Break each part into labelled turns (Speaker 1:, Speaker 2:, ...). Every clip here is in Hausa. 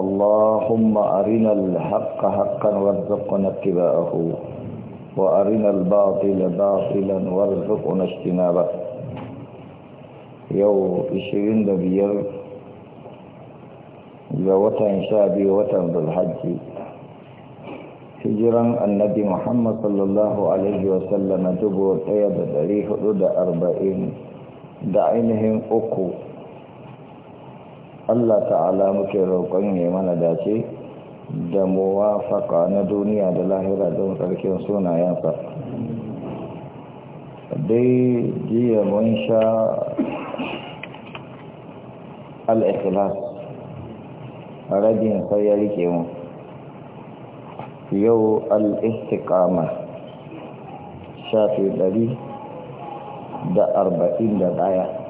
Speaker 1: اللهم أرنا الحق حقا وارزقنا اتباعه وأرنا الباطل باطلا وارزقنا اجتنابه يو إشرين دبير يوطن شابي وطن بالحج هجرا النبي محمد صلى الله عليه وسلم تبو تيد دريه دود أربعين دعينهم أكو Allah ta'ala muke roƙon ya mana dace da muwafaka na duniya da lahira don tsarkin sunayensa dai jiya mun sha al'ikhlas rajin sai ya rike mu yau al'istiƙama shafi ɗari da arba'in da ɗaya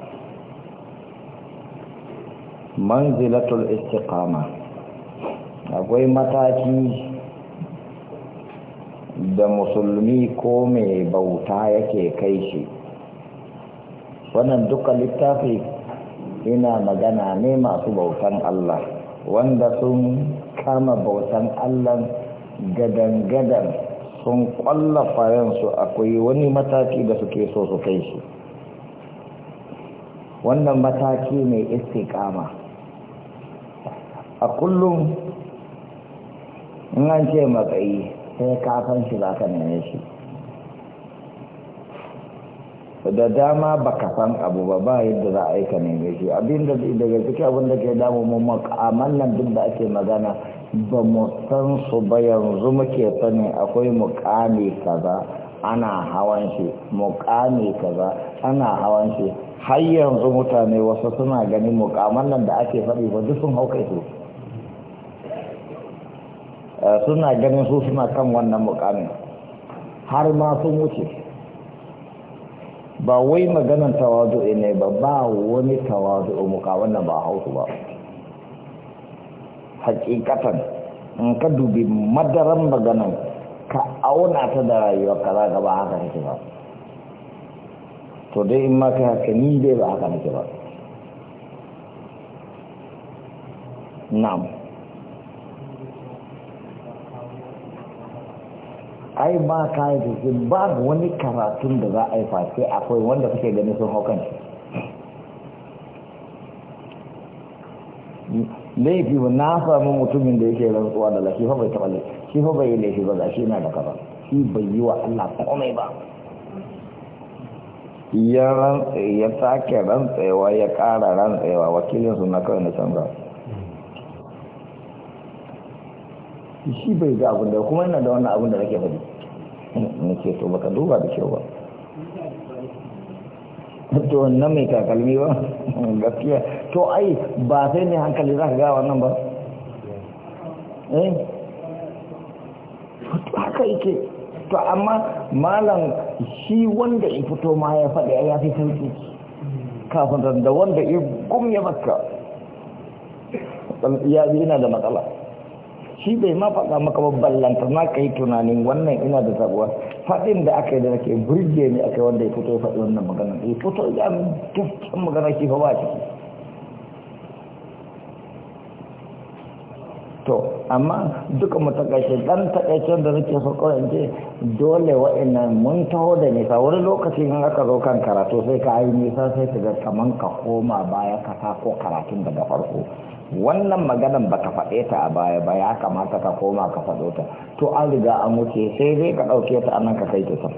Speaker 1: manzilatul istiqama akwai mataki da musulmi ko mai bauta yake kai shi wannan duka littafi ina magana ne masu bautan Allah wanda sun kama bautan Allah gadan-gadan sun kwallafa yansu akwai wani mataki da suke so su kai shi wannan mataki mai istiqama a kullum in an ce matsayi sai kafan shi za ka neme shi da dama ba ka san abu ba ba yadda za a yi ka neme shi abinda daga ciki abin da ke damu mu makaman nan duk da ake magana ba mu san su ba yanzu muke sani akwai mukami kaza ana hawan shi mukami kaza ana hawan shi har yanzu mutane wasu suna ganin mukaman nan da ake faɗi ba duk sun hauka su Eh, suna ganin su suna kan wannan mukamin har ma sun wuce ba wai maganan tawazu ne ba ba wani tawazu mukamin wannan ba hausu ba hakikatan in ka dubi madaran maganan ka auna ta da rayuwa ka za ba haka take ba to dai in ma kai haka ni dai ba haka nake ba na'am ai ba ka yi su ba wani karatun da za a yi face akwai wanda suke gani sun hau kan laifi na samu mutumin da yake rantsuwa da lafi bai taɓa laifi shi fa bai yi laifi ba za shi na da kaba shi bai yi wa Allah komai ba ya ya sake rantsewa ya ƙara rantsewa su na kawai na canza shi bai ga abin da kuma yana da wannan abin da nake faɗi nake to baka duba da kyau ba to wannan mai takalmi ba gaskiya to ai ba sai ne hankali za ka ga wannan ba eh haka yake to amma malam shi wanda ya fito ma ya faɗi ya fi sauki kafin da wanda ya gumya baka ya yana da matsala shi bai ma faɗa maka babban ma ka yi tunanin wannan ina da sabuwa faɗin da aka yi da nake burge ne aka wanda ya fito ya faɗi wannan magana ya fito ya gaskiyar magana shi fa ba ciki to amma duka matakaice ɗan takaicen da nake so kawai ce dole wa'annan mun taho da nisa wani lokaci in aka zo kan karatu sai ka yi nisa sai ka ga kaman ka koma baya ka ko karatun daga farko wannan maganan ba ka faɗe ta a baya ba ya kamata ka koma ka faɗo ta to an riga an wuce sai dai ka ɗauke ta anan ka kai ta sam.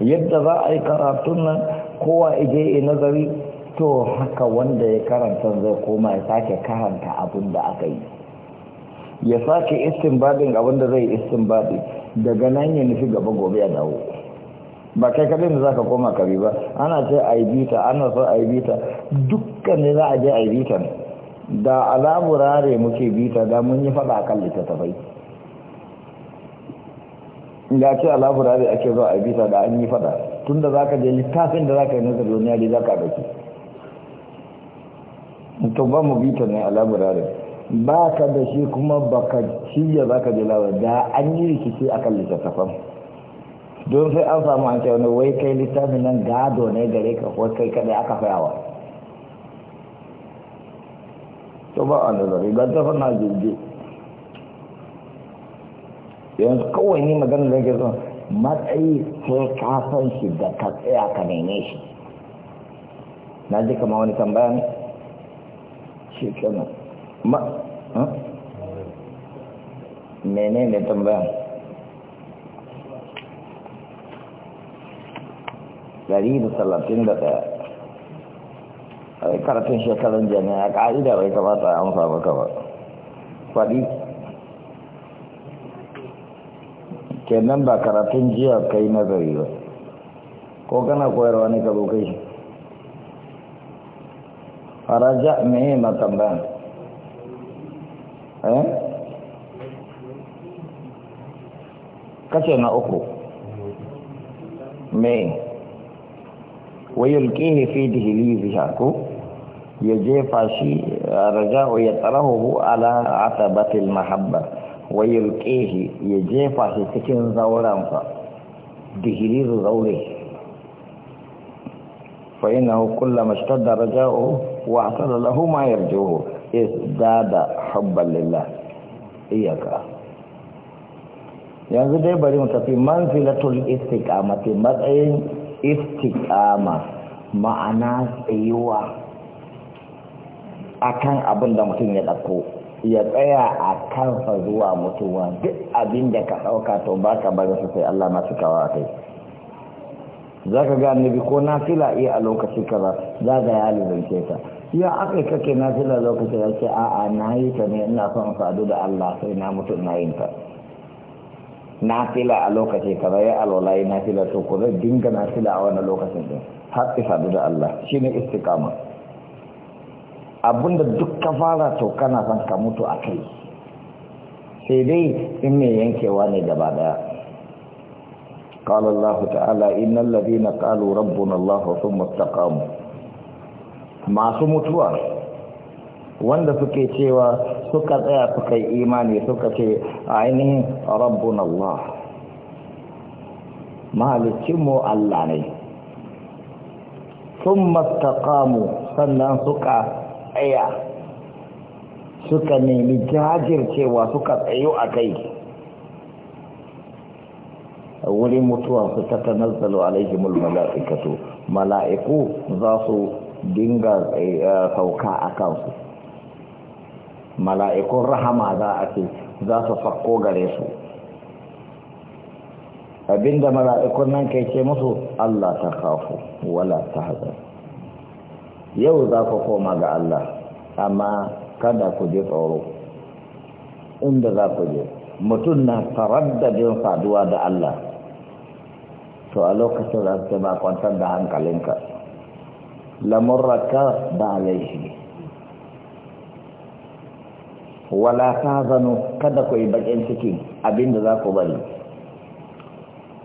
Speaker 1: yadda za a yi karatun nan kowa ije nazari to haka wanda ya karanta zai koma ya sake karanta abin da aka yi ya sake istin badin abin da zai istin badin, daga nan ya nufi gaba gobe ya dawo ba kai kadai da za ka koma kabi ba ana ce a yi bita ana so a yi bita dukkan ne za a je a yi bitan da alaburare muke bita da mun yi faɗa kan littattafai ya ce alaburare ake zo a yi bita da an yi faɗa tun da za ka je littafin da za ka yi nasa duniya da za ka ɗauki to ba mu bita ne alaburare ba ka da shi kuma ba ka shirya za ka je lawa da an yi rikici akan littattafan don sai an samu an ce wani wai kai littafin nan gado ne gare ka ko kai kadai aka fayawa to ba a nazari ga ta na jirgi yanzu kawai ni magana da ke son matsayi sai ka san shi da ka tsaya ka nene shi na ji kama wani tambaya ne shi kenan ma menene tambayan dari da talatin da ɗaya karatun shekarun jami'a ƙa'ida bai kamata a amsa maka ba faɗi nan ba karatun jiya kai nazari ba ko kana koyarwa ne ka zo shi faraja mai matambayan eh Kace na uku mai ويلقيه في دهليزها كو يجيب فاشي رجاء يطرحه على عتبة المحبة ويلقيه يجيب سكين زوران فا دهليز زوره فإنه كلما اشتد رجاؤه واعتد له ما يرجوه ازداد حبا لله إياك يعني زي بريم تفي منزلة الاستقامة مدعين istiqama ma'ana tsayuwa akan abin da mutum ya ɗauko ya tsaya a kansa zuwa mutuwa duk abin da ka ɗauka to ba ka bari su sai Allah masu kawo kai za ka ga bi ko na fila iya a lokaci kaza za ga ya lalace ta ya aka kake na fila lokaci ya ce a'a na yi ta ne ina son sadu da Allah sai na mutum na yin ta nafila a lokaci kaza ya alwala na nafila to ku zai dinga nafila a wannan lokacin din har ki da Allah shine istiqama abinda duk ka fara to kana son ka mutu a kai sai dai in me yankewa ne gaba daya قال الله تعالى إن الذين قالوا ربنا الله ثم استقاموا masu mutuwa wanda suke cewa suka tsaya suka yi imani suka ce ainihin rabbun Allah mahalicinmu Allah ne sun mastakamu sannan suka tsaya suka nemi cewa suka tsayo a kai wurin mutuwa su ta tanazzalu alaihimul mala'ikatu mala'iku za su dinga eh, sauka a kansu mala'ikun rahama za a ce za su fakko gare su abinda mala'ikun nan kai ce musu Allah ta kafu wala ta hazar yau za ku koma ga Allah amma kada ku je tsoro inda za ku je mutum na taraddadin faduwa da Allah to a lokacin za su ba kwantar da hankalinka lamurraka ba laifi wala ta zano kada ku yi bakin ciki abinda za ku bari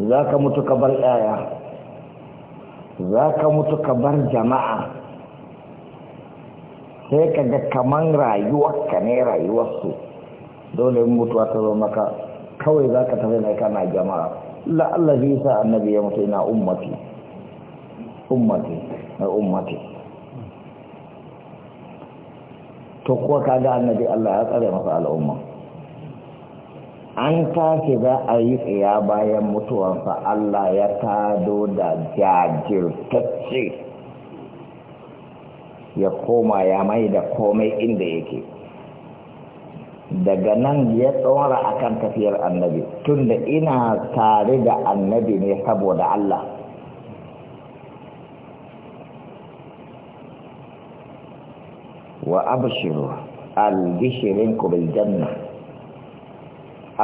Speaker 1: za ka mutu ka bar yaya za ka mutu ka bar jama'a sai ka ga kaman rayuwarka ne rayuwarsu dole mutuwa ta zo maka kawai za ka tafi mai kana jama'a la'allazi sa annabi ya mutu ina ummati ummati na ummati to kuwa ka ga annabi Allah ya tsare masa al'umma an tashi za a yi tsaya bayan mutuwansa Allah ya tado da jajirtacce ya koma ya mai da komai inda yake daga nan ya tsora akan tafiyar annabi tunda ina tare da annabi ne saboda Allah وأبشروا منكم بالجنة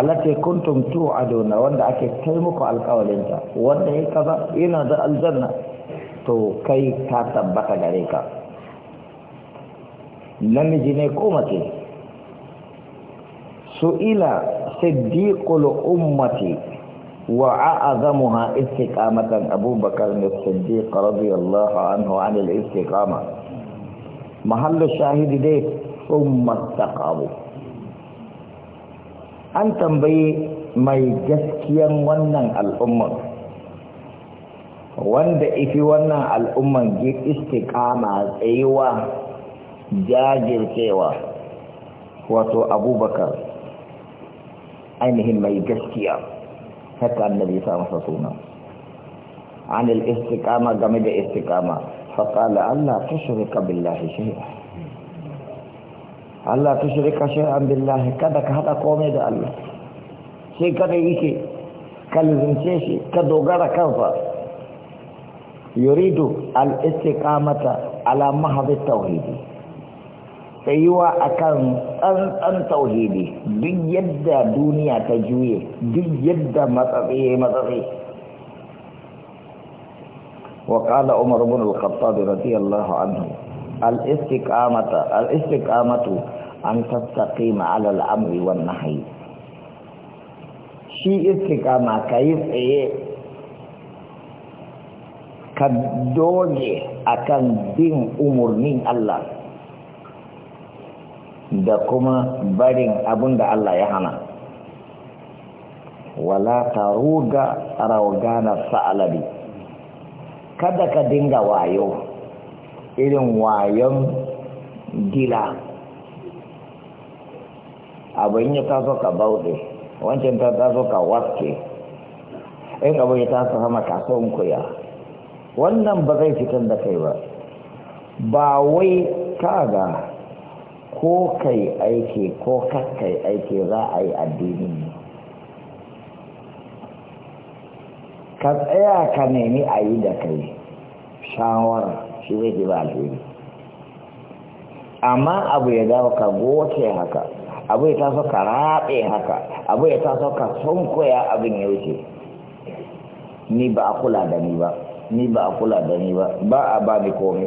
Speaker 1: التي كنتم توعدون وانا اكتبتموك القول انت وانا ايكذا انا الجنة تو كي تتبقى عليك لم يجيني قومتي سئل صديق الأمة وأعظمها استقامة أبو بكر الصديق رضي الله عنه عن الاستقامة mahallu shahidi dai umar taqabu an tambayi mai gaskiyan wannan al'umman wanda ifi wannan al'umman istiƙama tsayuwa jajircewa wato abubakar ainihin mai gaskiya haka annabi sa masa suna an istiƙama game da istiƙama فقال ألا تشرك بالله شيئا ألا تشرك شيئا بالله كذا كذا قومي ده الله شيء كذا يكي كالزم شيء كدوغر كنفا يريد الاستقامة على محض التوحيد tsayuwa akan tsantsan tauhidi duk yadda duniya ta juye duk yadda matsatsi matsatsi وقال عمر بن الخطاب رضي الله عنه الاستقامة الاستقامة أن تستقيم على الأمر والنهي شيء استقامة كيف إيه ka doge akan bin umarnin Allah da kuma barin abin da Allah ya hana wala taruga raugana sa'alabi kada ka dinga wayo irin wayon gila abin ya taso ka bauɗe wancan ta taso ka waske in abin ya taso sama kasuwan kuya wannan ba zai fitar da kai ba ba wai kaga ko kai aiki ko kakkai aiki za a yi addini ne ka tsaya ka nemi a yi da kai shawara shi zai ke ba alheri amma abu ya dawo ka goce haka abu ya taso ka raɓe haka abu ya taso ka sunkoya abin ya wuce ni ba a kula da ni ba ni ba a kula da ni ba ba a ba ni komai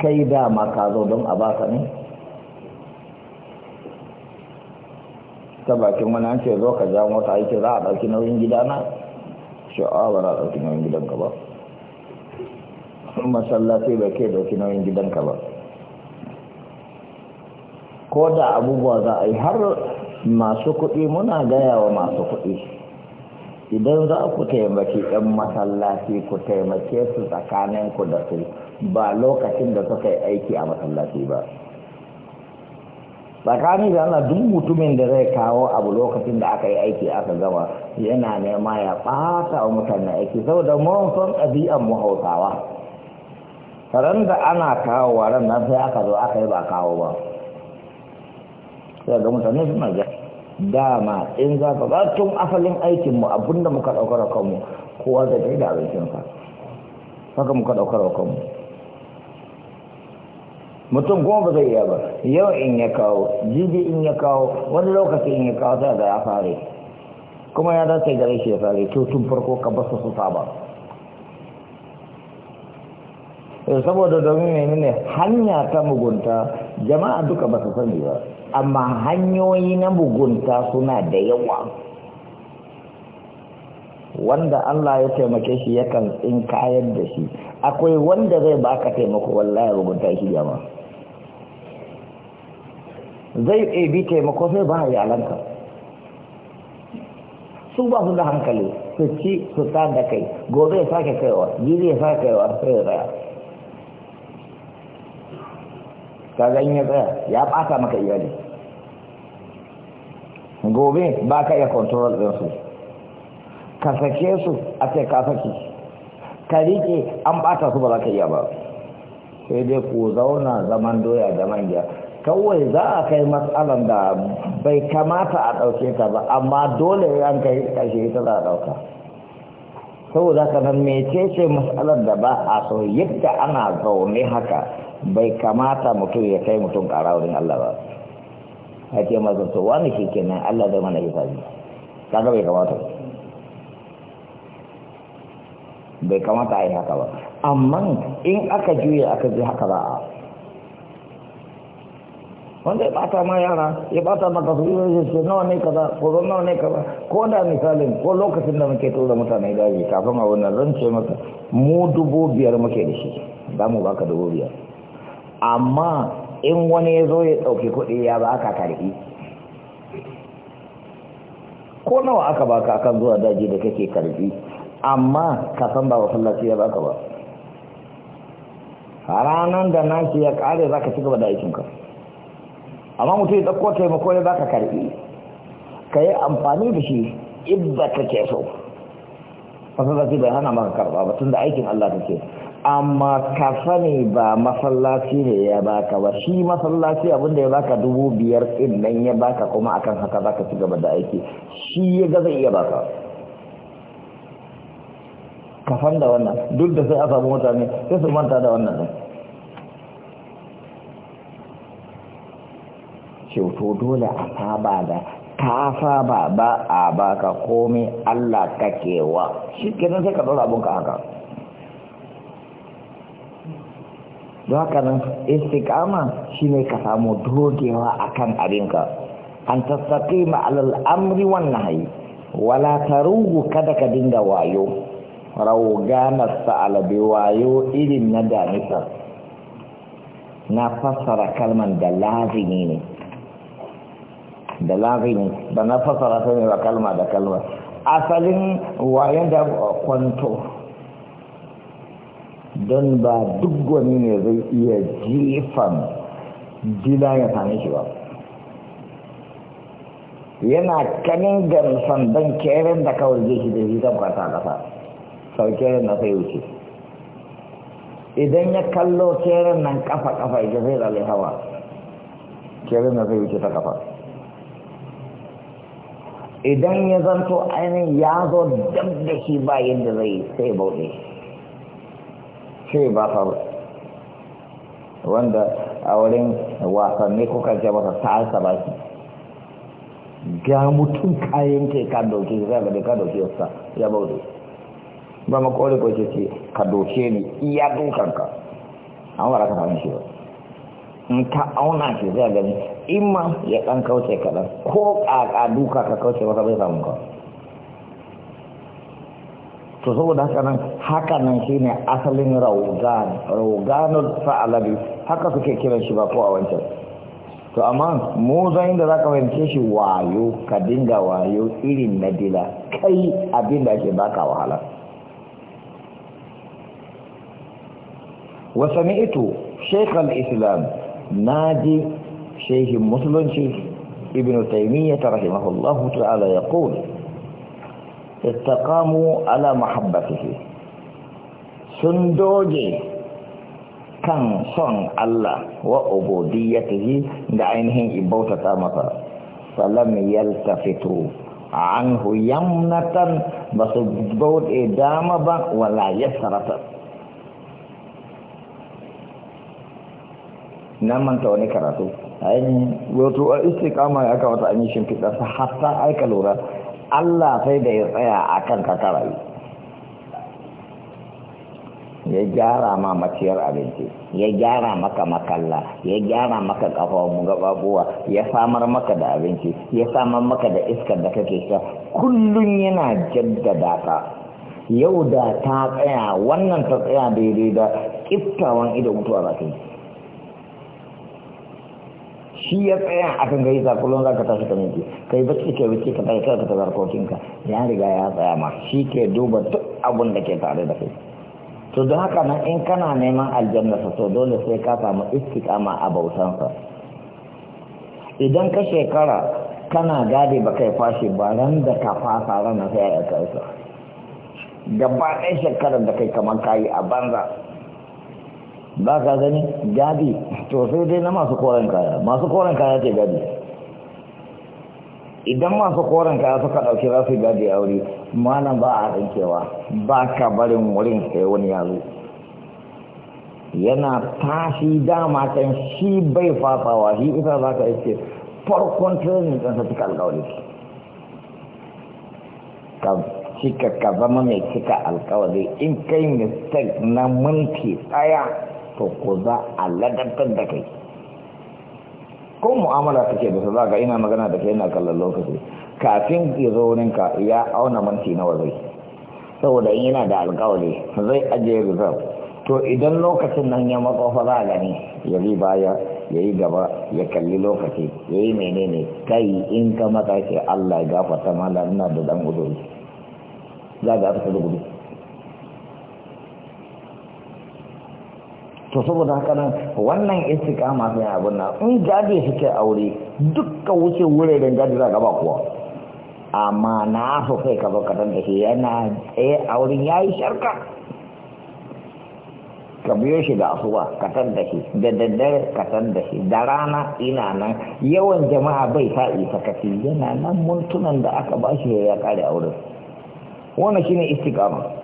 Speaker 1: kai dama ka zo don a baka ne ta bakin wani an ce zo ka ja mota yake za a ɗauki nauyin gidana sha'awar a ah, ɗauki nauyin gidanka ba masallaci bai ke ɗauki nauyin gidanka ba ko da abubuwa za a yi har masu kuɗi muna gaya wa masu kuɗi idan za ku taimaki 'yan masallaci ku taimake su tsakaninku da su ba lokacin da suka yi aiki a masallaci ba tsakani da ana duk mutumin da zai kawo abu lokacin da aka yi aiki aka gama yana nema ya ɓata wa mutane aiki saboda mun san ɗabi'an mu hausawa ran da ana kawo wa ran nan sai aka zo aka yi ba kawo ba sai ga mutane suna ga dama in za ka asalin aikinmu mu abinda muka ɗaukar kanmu kowa zai kai da abincinsa haka muka ɗaukar kanmu mutum goma ba zai iya ba yau in ya kawo jibi in ya kawo wani lokaci in ya kawo sai da ya fare kuma ya dace gare shi ya fare to tun farko ka basu su saba eh, saboda domin ne hanya ta mugunta jama'a duka ba su sani ba amma hanyoyi na mugunta suna da yawa wanda Allah ya taimake shi yakan tsinka da shi akwai wanda zai baka taimako wallahi rubuta shi jama'a zai bi taimako sai ba iyalanka su ba su da hankali su ci su ta da kai gobe ya sake kaiwa jiri ya sake kaiwa sai ya tsaya ta in ya tsaya ya ɓata maka iyali gobe ba ka iya kontrol su ka sake su a ce ka sake ka riƙe an ɓata su ba za ka iya ba sai dai ku zauna zaman doya da manja kawai za a kai matsalan da bai kamata a ɗauke ta ba amma dole an kai ƙarshe ta za a ɗauka saboda ka nan mecece matsalan da ba a so yadda ana zaune haka bai kamata mutum ya kai mutum ƙara wurin Allah ba ake mazanto wani shi nan Allah zai mana hisabi kaga bai kamata bai kamata a yi haka ba amma in aka juya aka ji haka ba a wanda ya bata ma yara ya bata maka su yi su nawa ne kaza tsoron nawa ne kaza ko da misalin ko lokacin da muke tura mutane daji kafin a wannan zan ce maka mu dubu biyar muke da shi za mu baka dubu biyar amma in wani ya zo ya ɗauki kuɗi ya ba ka karɓi ko nawa aka baka kan zuwa daji da kake karɓi amma ka san ba lafi ya baka ba ranar da naki ya ƙare za ka ci gaba da aikinka amma mutum ya ɗauko taimako ya za ka karɓi ka yi amfani da shi idda ka ke so masallaci bai hana maka karɓa ba tun da aikin Allah kake amma ka sani ba masallaci ne ya baka ba shi masallaci abinda ya baka dubu biyar ɗin nan ya baka kuma akan haka za ka ci gaba da aiki shi ya ga zai iya baka ka san da wannan duk da sai a samu mutane sai su manta da wannan ceto dole a saba da ta saba ba a baka komai Allah kake wa shi kenan sai ka ɗora abinka haka don haka nan istikama ne ka samu dogewa a kan abinka an tasaqima ma'alar amri wannan hayi wala ta ruhu kada ka dinga wayo rauganar sa'ala wayo irin na damisa na fassara kalman da lazimi ne da ne da na fasara ta ne ba kalma da kalma asalin wayan da kwanto don ba duk wani ne zai iya jifan jila ya same shi ba yana kanin gamsan don kerin da kawai zai shi da shi zan kwata kasa sau kerin na sai wuce idan ya kallo kerin nan kafa kafa ce zai zale hawa kerin na sai wuce ta kafa idan ya zanto ainihin ya zo dab da shi ba yadda zai sai bauɗe sai ba faru wanda a wurin wasanni kuka ce masa ta'arsa ba shi ga mutum kayan ke ka dauke shi zai gade ka dauke sa ya bauɗe ba makoli ko ce ka dauke ni iya dukanka an wara ka samun shi ba in ka auna shi zai gani imma ya ɗan kauce kaɗan ko ƙaƙa duka ka kauce wata bai samu ka to saboda haka nan haka nan shi ne asalin raugan rauganul fa'alabi haka suke kiran shi ba ko a wancan to amma mu zan da za ka fahimce shi wayo ka dinga wayo irin na dila kai abin da ake baka wahala wasani ito shaykhal islam ناجي شيخ مسلم شيخ ابن تيمية رحمه الله تعالى يقول استقاموا على محبته سندوجي كان صن الله وعبوديته دعينهم إبوتة أمتا فلم يلتفتوا عنه يمنة بس بود إدامة ولا يسرة na manta wani karatu ainihin wato a istiqama ya kamata an yi shimfiɗa sa hatta aika lura Allah sai da ya tsaya a kan kakarayi ya gyara ma maciyar abinci ya gyara maka makalla ya gyara maka kafawun gababuwa ya samar maka da abinci ya samar maka da iskar da kake sha kullum yana jaddada ka yau da ta tsaya wannan ta tsaya daidai da kiftawan ido mutuwa za yi shi ya tsaya a kan gari za kullum za ka tashi ka minti kai bacci ke bacci ka tashi ka tabar kokinka ya riga ya tsaya ma shi ke duba duk abun da ke tare da kai to don haka nan in kana neman aljanna sa to dole sai ka samu istiqama a bautan sa. idan ka shekara kana gadi ba kai fashi ba ran da ka fasa ran sai ya karsa gaba ɗaya shekarar da kai kamar kayi a banza ba ka gani gadi to sai dai na masu koren kaya masu koren kaya ce gadi idan masu koren kaya suka ɗauki rasu gadi a wuri malam ba a rinkewa ba ka barin wurin sai wani yazo yana tashi dama kan shi bai fasawa shi isa za ka ce farkon training ɗin sa cika alƙawari ka cika ka zama mai cika alƙawari in kai mistake na minti ɗaya. to ko za a ladantar da kai ko mu'amala take da su za ga ina magana da kai ina kallon lokaci kafin ya zo wurinka ya auna manti na wazai saboda in yana da alkawari zai ajiye reserve to idan lokacin nan ya makofa za a gani ya bi baya ya yi gaba ya kalli lokaci ya yi menene kai in ka matsa ce Allah ya gafata malar na da dan gudu. za ga aka gudu to saboda haka nan wannan istikama sai abun nan in gadi suke aure dukkan wuce wuraren gaje za gaba kuwa amma na so kai ka zo ka da shi yana tsaye auren yayi sharka ka biyo shi da asuba ka da shi da daddare ka da shi da rana ina nan yawan jama'a bai sa isa kafi yana nan muntunan da aka bashi ya kare auren wannan shine istikama.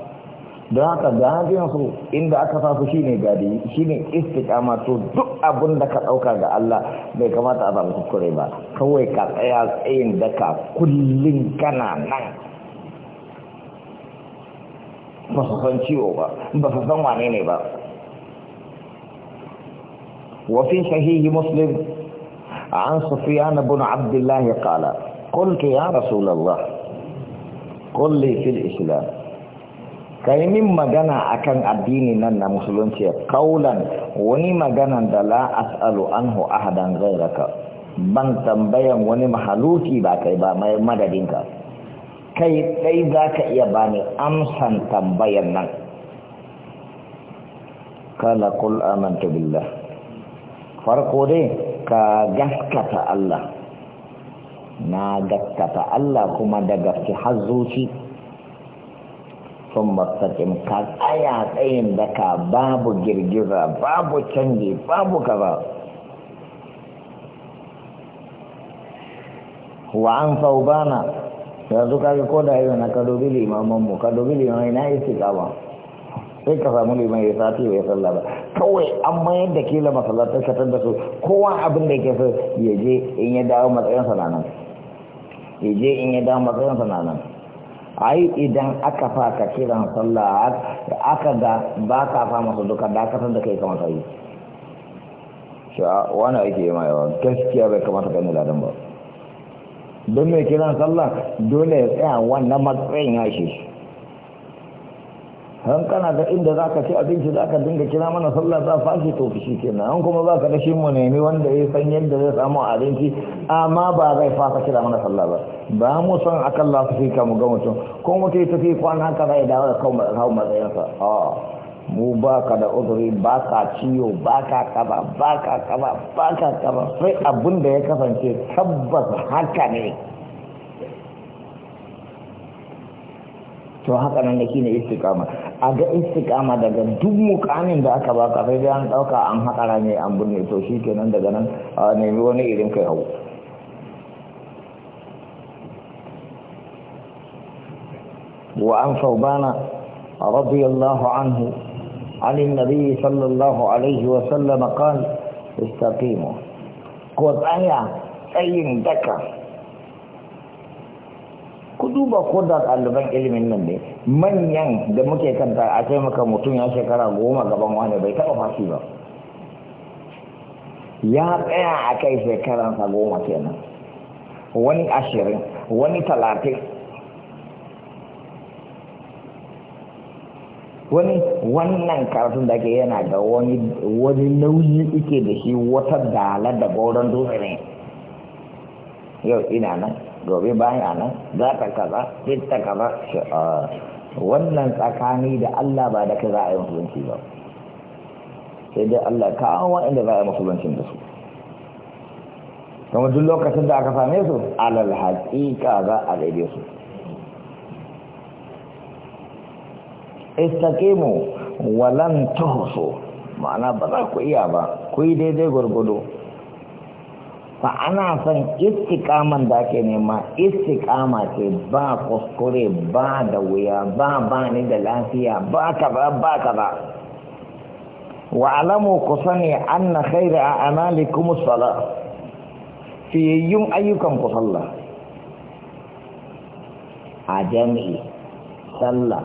Speaker 1: don haka gadiyansu inda aka sa su shine gadi ne istiqama to duk abin da ka dauka ga Allah bai kamata a samu kuskure ba kawai ka tsaya tsayin ka kullun kana nan ba su san ciwo ba ba su san wane ne ba وفي صحيح مسلم عن سفيان بن عبد الله قال قلت يا رسول الله قل لي في الإسلام ka yi min magana akan addini nan na musulunci kaulan wani magana da la as'alu anhu ahadan ghairaka ban tambayan wani mahaluki ba kai ba mai madadinka kai dai za ka iya bani amsan tambayan nan kala kul amantu billah farko dai ka gaskata Allah na gaskata Allah kuma da gaske har sun mastaƙin ka tsaya tsayin daka babu girgiza babu canji babu kaza wa an saubana yanzu kaga ko da yau na kadobi limaman mu kadobi limaman na isi kama sai ka samu liman ya sati ya sallah ba kawai an mayar da kila masallatar ka tanda su kowa abin da yake so ya je in ya dawo matsayin sananan je in ya dawo matsayin sananan ai idan aka fa ka kiran sallah aka ga ba ka fa masa duka da ka san da kai kamar sai shi wani ake yi mai yawan gaskiya bai kamata ka nila dan ba don mai kiran sallah dole ya tsaya wannan matsayin ya shi an kana ga inda za ka ci abinci za ka dinga kira mana sallah za fashi to shi kenan an kuma za ka rashi mu nemi wanda ya san yadda zai samu abinci amma ba zai fasa kira mana sallah ba ba mu san akan la fi ka mu ga mutum ko mutum ya tafi kwana haka zai dawo da kawo matsayinsa a mu ba ka da uzuri ba ka ciwo ba ka kaba ba ka kaba ba ka kaba sai abin da ya kasance tabbas haka ne to haka nan da shine istiqama a ga istiqama daga duk mukamin da aka baka sai dai an dauka an haƙa rami an burne to kenan daga nan a nemi wani irin kai hau an saubana رضي anhu عنه عن النبي صلى الله عليه وسلم قال استقيموا قطعيا أي دكا ku duba ko da ɗaliban ilimin nan ne manyan da muke kanta a ce maka mutum ya shekara goma gaban wani bai taɓa fashi ba ya tsaya a kai shekaransa goma kenan wani ashirin wani talatin wani wannan karatun da ke yana da wani wani nauyi ike da shi wata dala da gauran dutse ne yau ina nan gobe bayan nan za ta kaza ta kaza wannan tsakani da Allah ba da ka za a yi musulunci ba sai dai Allah kawo waɗanda za a yi musuluncin da su kuma duk lokacin da aka same su alal haqiqa za a gaide su istaqimu walan tuhsu ma'ana ba za ku iya ba ku yi daidai gwargwado fa ana son istiqaman da ake nema istiqama ce ba kuskure ba da wuya ba ba ni da lafiya ba ka ba ba ka ba wa alamu ku sani anna khaira a amalikum sala fiyayyun ayyukan ku sallah a jami'i sallah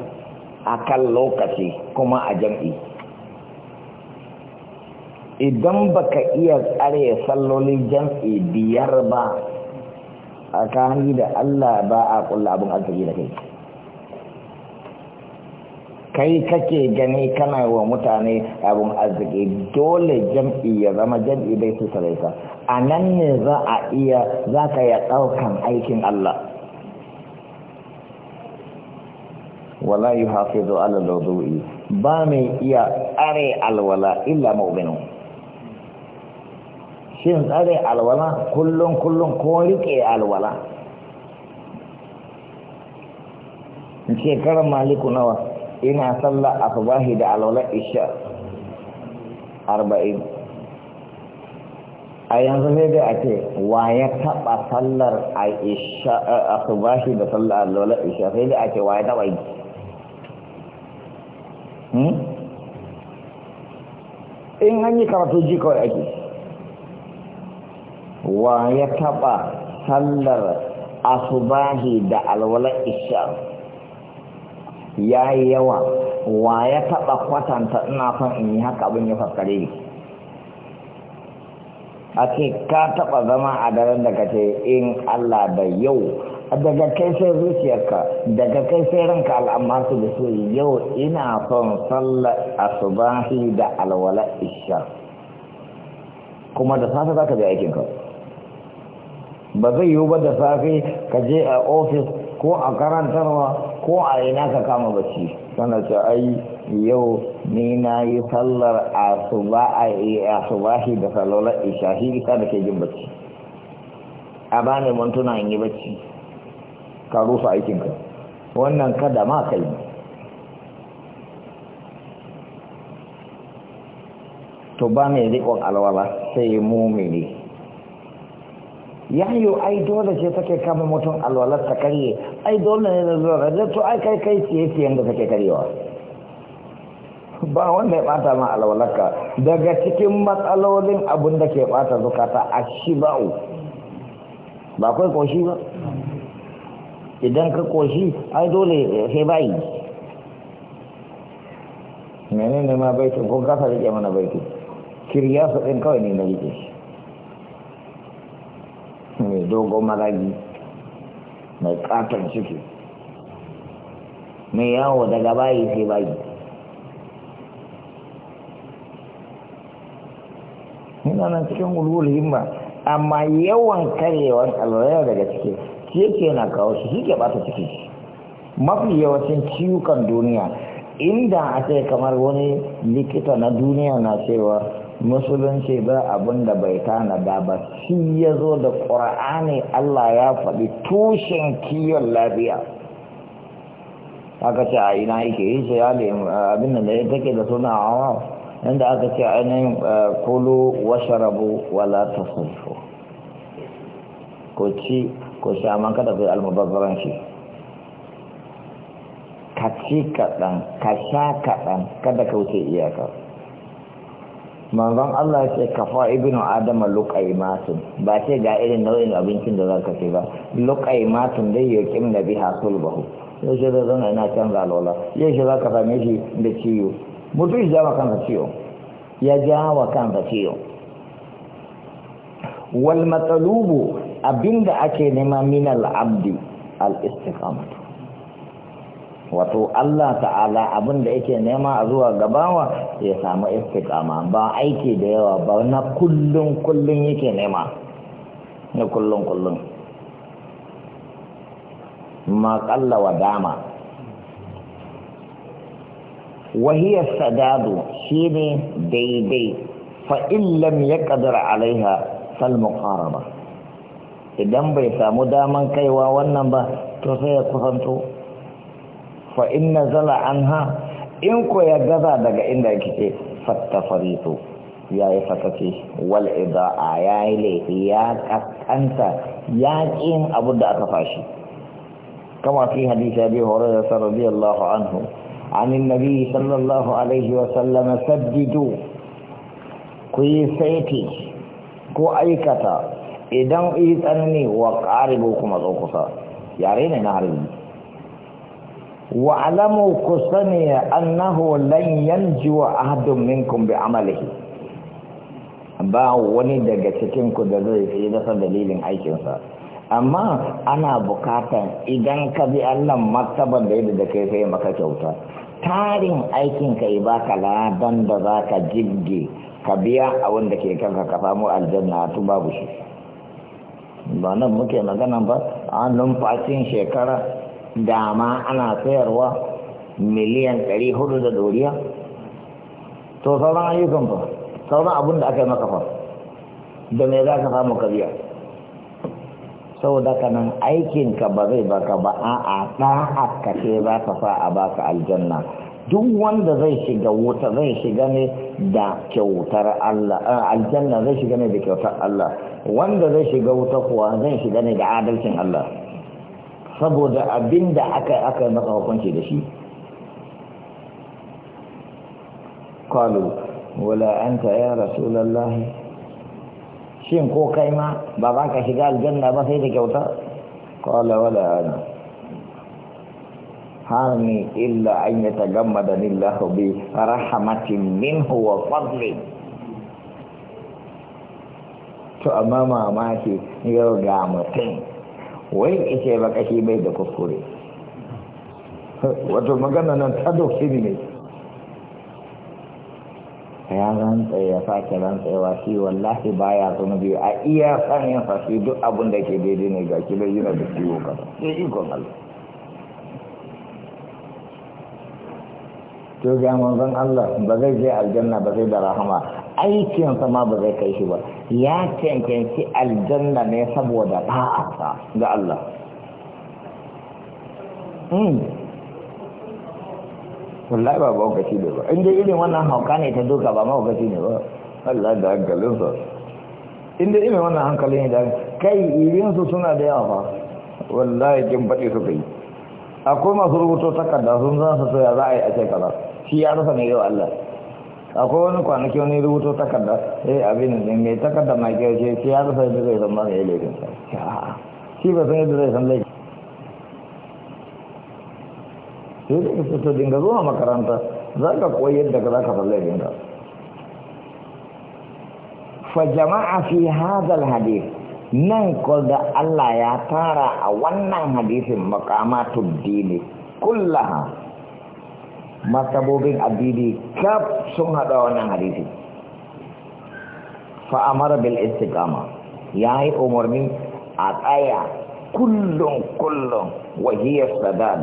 Speaker 1: a kan lokaci kuma a jam'i idan baka iya tsare sallolin jam'i biyar ba a kani da Allah ba a kulla abin arziki da kai kai kake gani kana wa mutane abin arziki dole jam'i ya zama jam'i bai su tare ka a nan ne za a iya za ka ya ɗaukan aikin Allah wala yi zo ala ba mai iya tsare alwala illa mu'minu shin tsare alwala kullum kullum ko riƙe alwala in shekarar maliku nawa ina sallah fubahi da alwala isha arba'in a yanzu sai dai a ce wa ya taɓa sallar a isha asubahi da sallar alwala isha sai dai a ce wa ya taɓa yi hmm? in an yi karatu ji kawai ake wa ya taɓa sallar asubahi da alwalar isha ya yi yawa wa ya taɓa kwatanta ina son in yi haka abin ya faskare a ce ka taɓa zama a daren da ka ce in Allah da yau daga kai sai zuciyarka daga kai sai ranka al'amma su da so yau ina son sallar asubahi da alwala isha kuma da safe za ka bi aikinka ba zai yiwu ba da safe ka je a ofis ko a karantarwa ko a ina ka kama bacci sana ce ai yau ni na yi sallar asuba a da salolar ishahi ita da ke jin bacci a ba ne mantuna in yi bacci ka rufe aikinka wannan kada ma kai to ba mai riƙon alwala sai mumini yayo ai dole ce take kama mutum alwalar ta karye ai dole ne da zuwa da to ai kai kai ciye ciyen da take karyewa ba wanda ya bata ma alwalarka daga cikin matsalolin abin da ke bata zukata a shi ba kai koshi ba idan ka koshi ai dole sai bayi menene ma baitin ko kasa rike mana baitin kiriya su din kawai ne na rike shi mai dogon maragi mai katon ciki mai yawo daga bayi sai bayi ina nan cikin gulgul himma amma yawan karyewar alwaya daga ciki shi na kawo shi ke bata ciki mafi yawancin ciwukan duniya inda a kai kamar wani likita na duniya na cewa musulunci ba abin da bai tanada ba shi ya zo da ƙura'ani Allah ya faɗi tushen kiwon lafiya aka ce a ina yake yi shi ya abin da ya take da suna awa inda aka ce a yanayin eh, kulu washarabu wala ta sulfu ko ci ko sha man kada ku almubazzaran shi ka ci kaɗan ka sha kaɗan kada ka wuce iyaka manzon Allah ce kafa ibnu adama luqaymatun ba ce ga irin nau'in abincin da zaka ce ba luqaymatun dai yaqim na biha sulbahu yau shi da zan ina canza lola yau shi zaka same shi da ciwo mutum ya wa kansa ciwo ya ja wa kansa ciwo wal matsalubu abinda ake nema min al abdi al istiqamatu wato Allah ta'ala abin da yake nema a zuwa gabawa ya samu istiqama ba aiki da yawa ba na kullum kullum yake nema na kullum kullum ma wa dama wahiyar sadadu shine daidai fa ya lam alaiha salmu muqaraba idan bai samu daman kaiwa wannan ba to sai ya kusanto fa inna zala anha in ko ya gaza daga inda yake ke fattafarito ya yi fatake wal ida'a ya yi laifi ya kakanta ya kin abu aka fashi kama fi hadisi abi hurairah radiyallahu anhu an annabi sallallahu alaihi wa sallam sabbidu ku ko aikata idan yi tsanani wa karibu kuma tsokusa yare ne na harbi wa'alamu ku sani annahu lan yanjuwa ahadun minkum bi amalihi ba wani daga cikin ku da zai yi nasa dalilin aikinsa amma ana bukatan idan ka bi Allah martaban da yadda da kai sai maka kyauta tarin aikin ka baka ladan da za ka jibge ka biya a wanda ke kanka ka samu aljanna tun babu shi ba nan muke magana ba a numfashin shekara dama ana sayarwa miliyan ɗari hudu da doriya to sauran ayyukan fa sauran abin da aka yi maka fa da me za ka samu ka biya saboda ka nan aikinka ba zai baka ba a'a ɗan ka ce za ka sa a baka aljanna duk wanda zai shiga wuta zai shiga ne da kyautar Allah aljanna zai shiga ne da kyautar Allah wanda zai shiga wuta kuwa zai shiga ne da adalcin Allah saboda abin da aka aka yi masa hukunci da shi kalu wala anta ya rasulallahi shin ko kai ma ba za ka shiga aljanna ba sai da kyauta kala wala ana harni illa an yi tagammada nillahu bi rahamatin minhu wa fadlin to amma mamaki yau ga mutum wai ita ba shi bai da kuskure wato magana nan ta dauki ne ya tsaye ya sake wa shi wallahi baya zama biyu a iya sanin fashi duk abin da ke daidai ne ga shi bai yana da ciwo kasa ne ikon Allah to ga manzon Allah ba zai je aljanna ba zai da rahama aikinsa ma ba zai kai shi ba ya cancanci aljanna ne saboda ta'arsa ga Allah hmm. wallahi ba mahaukaci ne ba inda irin wannan hauka ne ta duka ba ma mahaukaci ne ba Allah da hankalinsa inda irin wannan hankalin ne da kai irinsu suna da yawa ba. wallahi kin faɗi su yi akwai masu rubuto takarda sun za su soya za a yi a kaza. shi ya rasa ne yau Allah akwai wani kwanaki wani rubuto takarda sai eh, abin da mai takarda mai kyau ce sai ya rasa da zai zama da ya laifin shi ba san yadda zai san laifi sai da ka fito dinga zuwa makaranta za ka koyi yadda ka za ka san laifin ka fa jama'a fi hadal hadith nan ko da Allah ya tara a wannan hadisin maqamatud dini kullaha masabobin addini kaf sun haɗa wannan hadisi fa'amara bil istiqama ya yi umarni a tsaya kullum kullum wahiyar sadan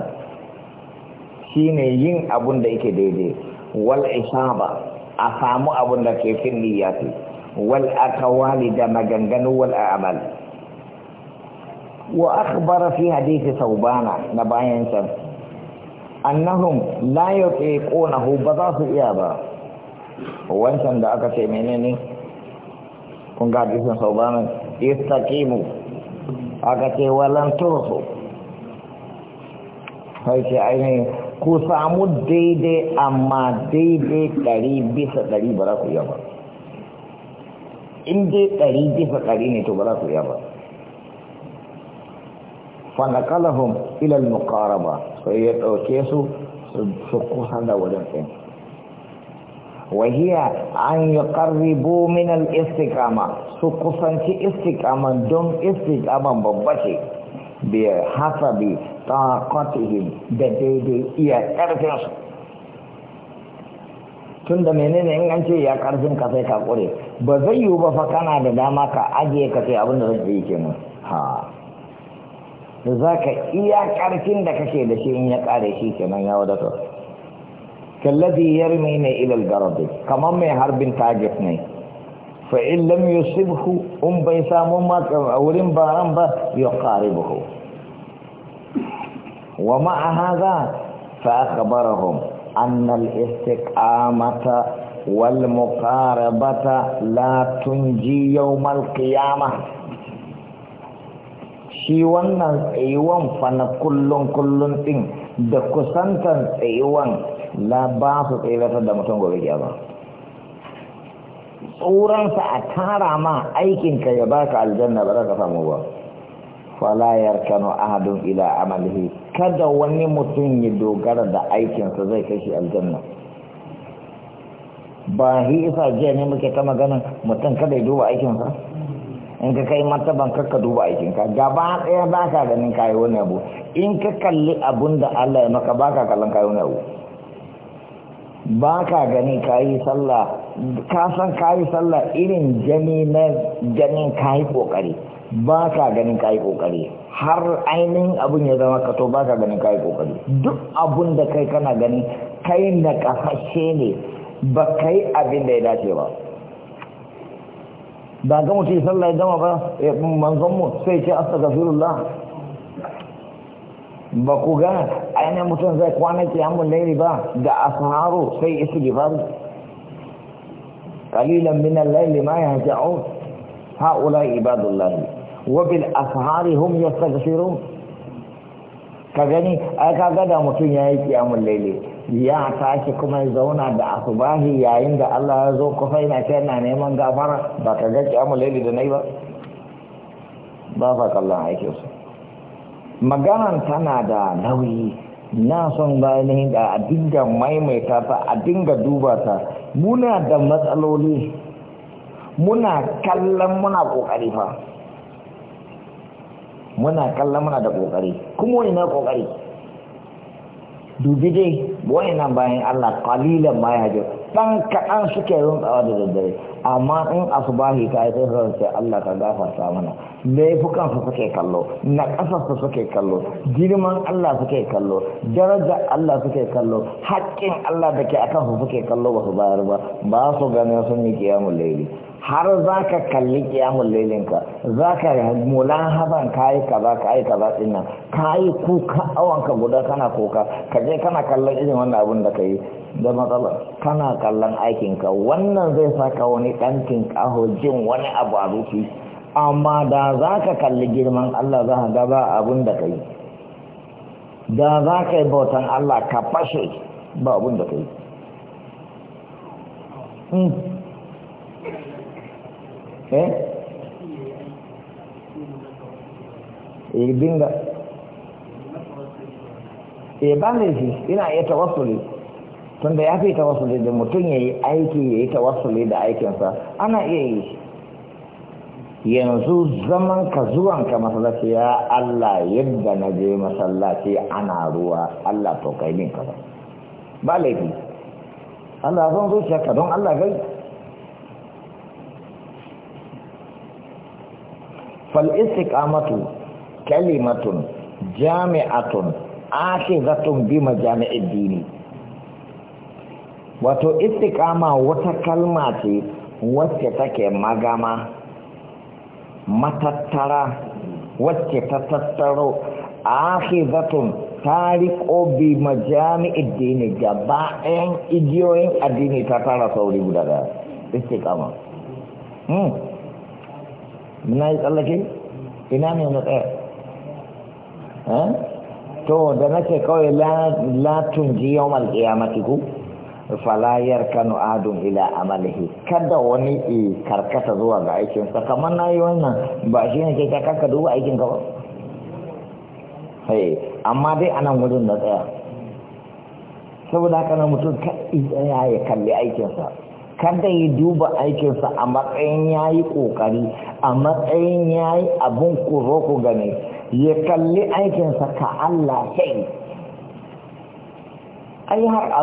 Speaker 1: shi ne yin abun da yake daidai wal isaba a samu abun da ke fin niyyati wal akawali da maganganu wal amal wa akhbara fi hadisi saubana na bayan can annahum la yutiqunahu ba za su iya ba wancan da aka ce menene kun ga dukkan saubanin istaqimu aka ce walan tursu sai ce ainihin ku samu daidai amma daidai ɗari bisa ɗari ba za ku iya ba in dai ɗari bisa ɗari ne to ba za ku iya ba فنقلهم إلى المقاربة sai ya ɗauke su su kusan da wurin ɗin wahiya an yi ƙarribu min istikama su kusanci istikaman don istikaman babba ce bi hasabi kwatihin da daidai iya ƙarfin su tun da menene in an ce ya ƙarfin ka sai ka ƙure? ba zai yiwu ba fa kana da dama ka ajiye ka sai abin da zan yi kenan ha za ka iya ƙarfin da kake da shi in ya ƙare shi kenan ya wadatar kallazi yarmi ne ilal garabi kamar mai harbin target ne fa in lam yusibhu um bai samu ma wurin baran ba ya qaribuhu wa ma'a hadha fa akhbarahum anna al istiqamata wal muqarabata la tunji yawm al qiyamah shi wannan tsayuwan fa na kullum kullum din da kusantan tsayuwan la ba su tsayuwatar da mutum gobe ba tsoronsa a tara ma aikinka ya baka aljanna ba za ka samu ba Falayar Kano, ahadun ila amalihi kada wani mutum ya dogara da aikinsa zai kai shi aljanna ba hi isa jiya ne muke ta magana mutum kada ya duba aikinsa in ka kai martaban ka duba aikinka gaba ɗaya ba ka ganin kayi wani abu in ka kalli abun da Allah ya maka ba ka kallon kayi wani abu ba ka gani kayi sallah ka san kayi sallah irin jami na ganin kayi kokari ba ka ganin kayi kokari har ainihin abun ya zama ka to ba ka ganin kayi kokari duk abun da kai kana gani kai na kafashe ne ba kai abin da ya dace ba ba ga mutum sallah ya gama ba ya manzon mu sai ce astaghfirullah ba ku ga ainihin mutum zai kwana hamun laili ba da asharu sai istighfar gifari min minan layli ma ya yahja'un haula ibadullah wa ya ashari hum yastaghfirun ka gani ai ka ga mutum ya yi kiyamun laili ya tashi kuma ya zauna da asubahi yayin da Allah ya zo kufa yana ta yana neman gafara ba ka ga kiyamun laili da nai ba ba fa kallon aikin su maganan tana da nauyi na son bayanin da a dinga maimaita ta a dinga duba ta muna da matsaloli muna kallon muna kokari fa muna kalla muna da kokari kuma wani na kokari dubi dai wani nan bayan Allah kalilan ma ya ji ɗan kaɗan suke runtsawa da daddare amma in asubahi ta yi tsohon sai Allah ka gafarta mana laifukan su suke kallo na ƙasar su suke kallo girman Allah suke kallo daraja Allah suke kallo haƙƙin Allah da ke akan su suke kallo ba su bayar ba ba su ganin sun yi kiyamun laili har za ka kalli kiyamun lelinka, za ka mulan haban kayi kaza kayi kaza din nan kayi kuka awanka guda kana kuka ka je kana kallon irin wannan abin da ka yi da matsala kana kallon aikinka wannan zai sa ka wani ɗantin ƙaho jin wani abu a zuci amma da za ka kalli girman Allah za ka gaba abin da ka yi da za ka yi bautan Allah ka fashe ba abin da ka yi hmm. Eh? eh dinga eh ba ne shi ina iya tawassuli tunda ya fi tawassuli da mutum ya yi aiki ya yi tawassuli da aikinsa ana iya yi yanzu zaman ka zuwan ka masallaci ya Allah yadda na je masallaci ana ruwa Allah to kai min kaza ba laifi Allah zan zuciya ka don Allah gai fal istiqamatu kalimatun jami'atun akhizatun bi majami'id dini wato istikama wata kalma ce wacce take magama matattara wacce ta tattaro akhizatun tariko bi majami'id dini gaba ɗayan igiyoyin addini ta tara sauri guda da hmm na yi tsallake ina ne na to da nake kawai latun ji yau malkiya ku falayar kano adun ila amalihi kada wani i karkata zuwa ga aikinsa kamar na yi wannan ba shi ne ke kaka duba aikin ka ba amma dai anan wurin na tsaya saboda haka na mutum ka ya kalli aikinsa kada ya duba aikinsa a matsayin ya yi ƙoƙari a matsayin ya yi abin ku gane ya kalli aikinsa ka Allah shai ai har a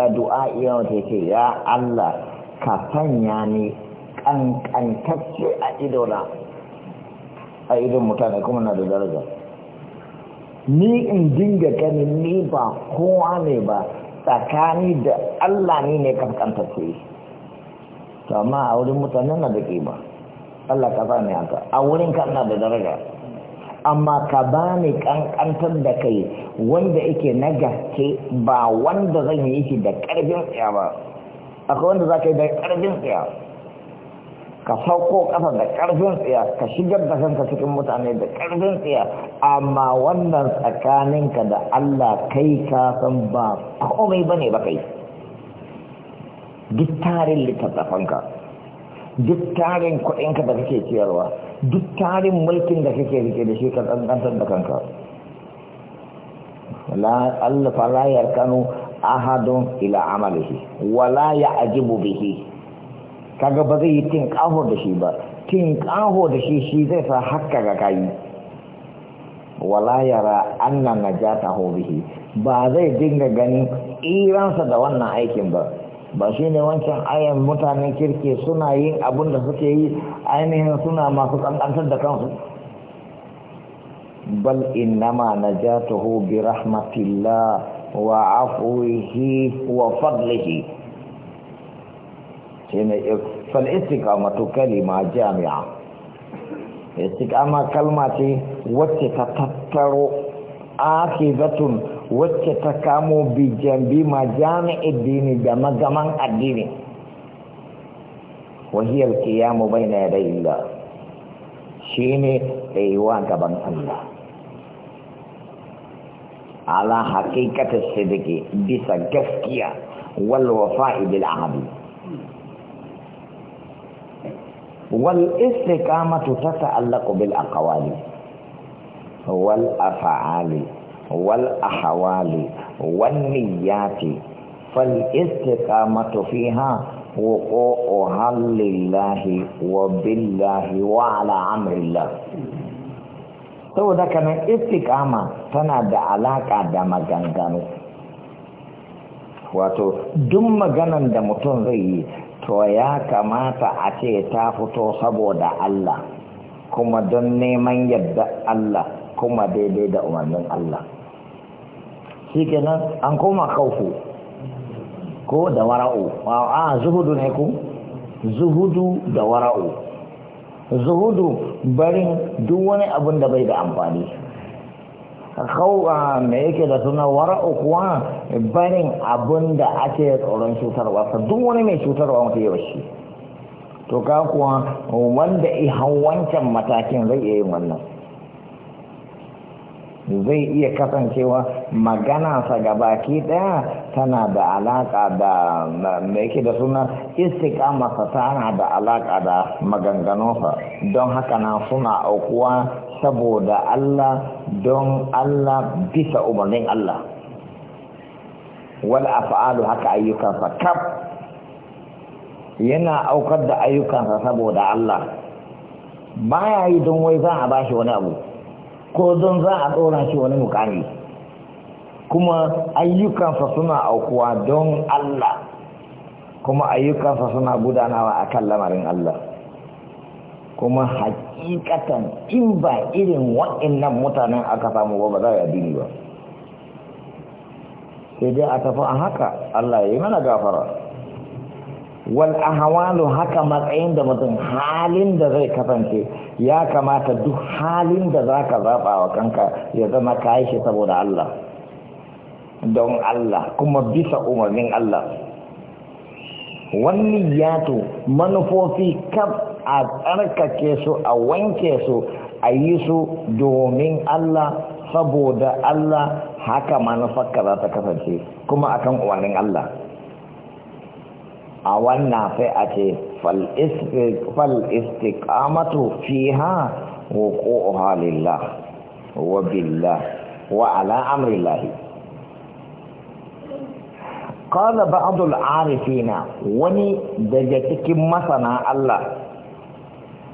Speaker 1: a du'a iya wata ce ya Allah ka sanya ni ƙanƙantacce a idona a idon mutane kuma na da daraja ni in dinga ganin ni ba kowa ne ba tsakani da Allah ne ne kaskantacce to amma a wurin mutanen na da kima Allah ka bani haka a wurin ka na da daraja amma ka bani kankantar da kai wanda yake na gaske ba wanda zan yi shi da karfin tsaya ba akwai wanda za ka yi da karfin tsaya ka sauko kasa da ƙarfin tsiya ka shigar da kanka cikin mutane da ƙarfin tsiya amma wannan tsakaninka da Allah kai ka san ba komai bane ba kai duk littattafanka duk tarin kuɗinka da kake ciyarwa duk mulkin da kake rike da shi ka tsantsantar da kanka Allah fala yarkanu ahadun ila amalihi wala ya'jibu bihi kaga ba zai yi kaho da shi ba kaho da shi shi zai sa hakka ga kayi wala yara anna najatahu bihi ba zai dinga ganin iransa da wannan aikin ba ba shi ne wancan ayan mutanen kirke suna yin abin da suke yi ainihin suna masu kankantar da kansu bal innama najatuhu bi rahmatillah wa afwihi wa fadlihi shine fal istiqamatu kalima jami'a istiqama kalma ce wacce ta tattaro akibatun wacce ta kamo bijambi ma jami'in dini da magaman addini wahiyar kiyamu bai na yada illa shi ne tsayuwa gaban Allah ala haƙiƙatar sidiki bisa gaskiya wal wafa'i bil ahadi wal istiqamatu tata'allaqu bil aqwali wal af'ali wal ahawali wan niyyati fal istiqamatu fiha وقوعها wa وبالله وعلى امر الله saboda kana istiqama tana da alaka da maganganu wato duk maganan da mutum zai yi to ya kamata a ce ta fito saboda Allah kuma don neman yadda Allah kuma daidai da umarnin Allah shi kenan an koma kaufu ko da wara'u a zuhudu ne ku zuhudu da wara'u zuhudu barin duk wani abin da bai da amfani kawo me yake da suna wara'u kuwa barin abin da ake tsoron cutarwa ta duk wani mai cutarwa mutu yau shi to ka kuwa wanda i wancan matakin zai iya yin wannan zai iya kasancewa gaba gabaki ɗaya tana da alaƙa da me yake da suna istiƙamarsa tana da alaƙa da maganganunsa don haka na suna aukuwa saboda Allah don Allah bisa umarnin Allah wal af'alu haka ayyukansa kaf yana aukar da ayyukansa saboda Allah baya yi don wai za a bashi wani abu ko don za a ɗora shi wani mukami kuma ayyukansa suna aukuwa don Allah kuma ayyukansa suna gudanawa a kan lamarin Allah kuma hakikatan in ba irin waɗannan mutanen aka samu ba ba za a dini ba sai dai a tafi a haka Allah ya yi mana gafara wal ahwalu haka matsayin da mutum halin da zai kasance ya kamata duk halin da za ka zaɓa wa kanka ya zama kayi shi saboda Allah don Allah kuma bisa umarnin Allah wani yato manufofi kaf a tsarkake su a wanke su a yi su domin Allah saboda Allah haka manufarka za ta kasance kuma akan umarnin Allah a wannan sai a ce fal istiqamatu fiha wuqu'uha lillah wa billah wa ala amrillah qala arifina wani daga cikin masana Allah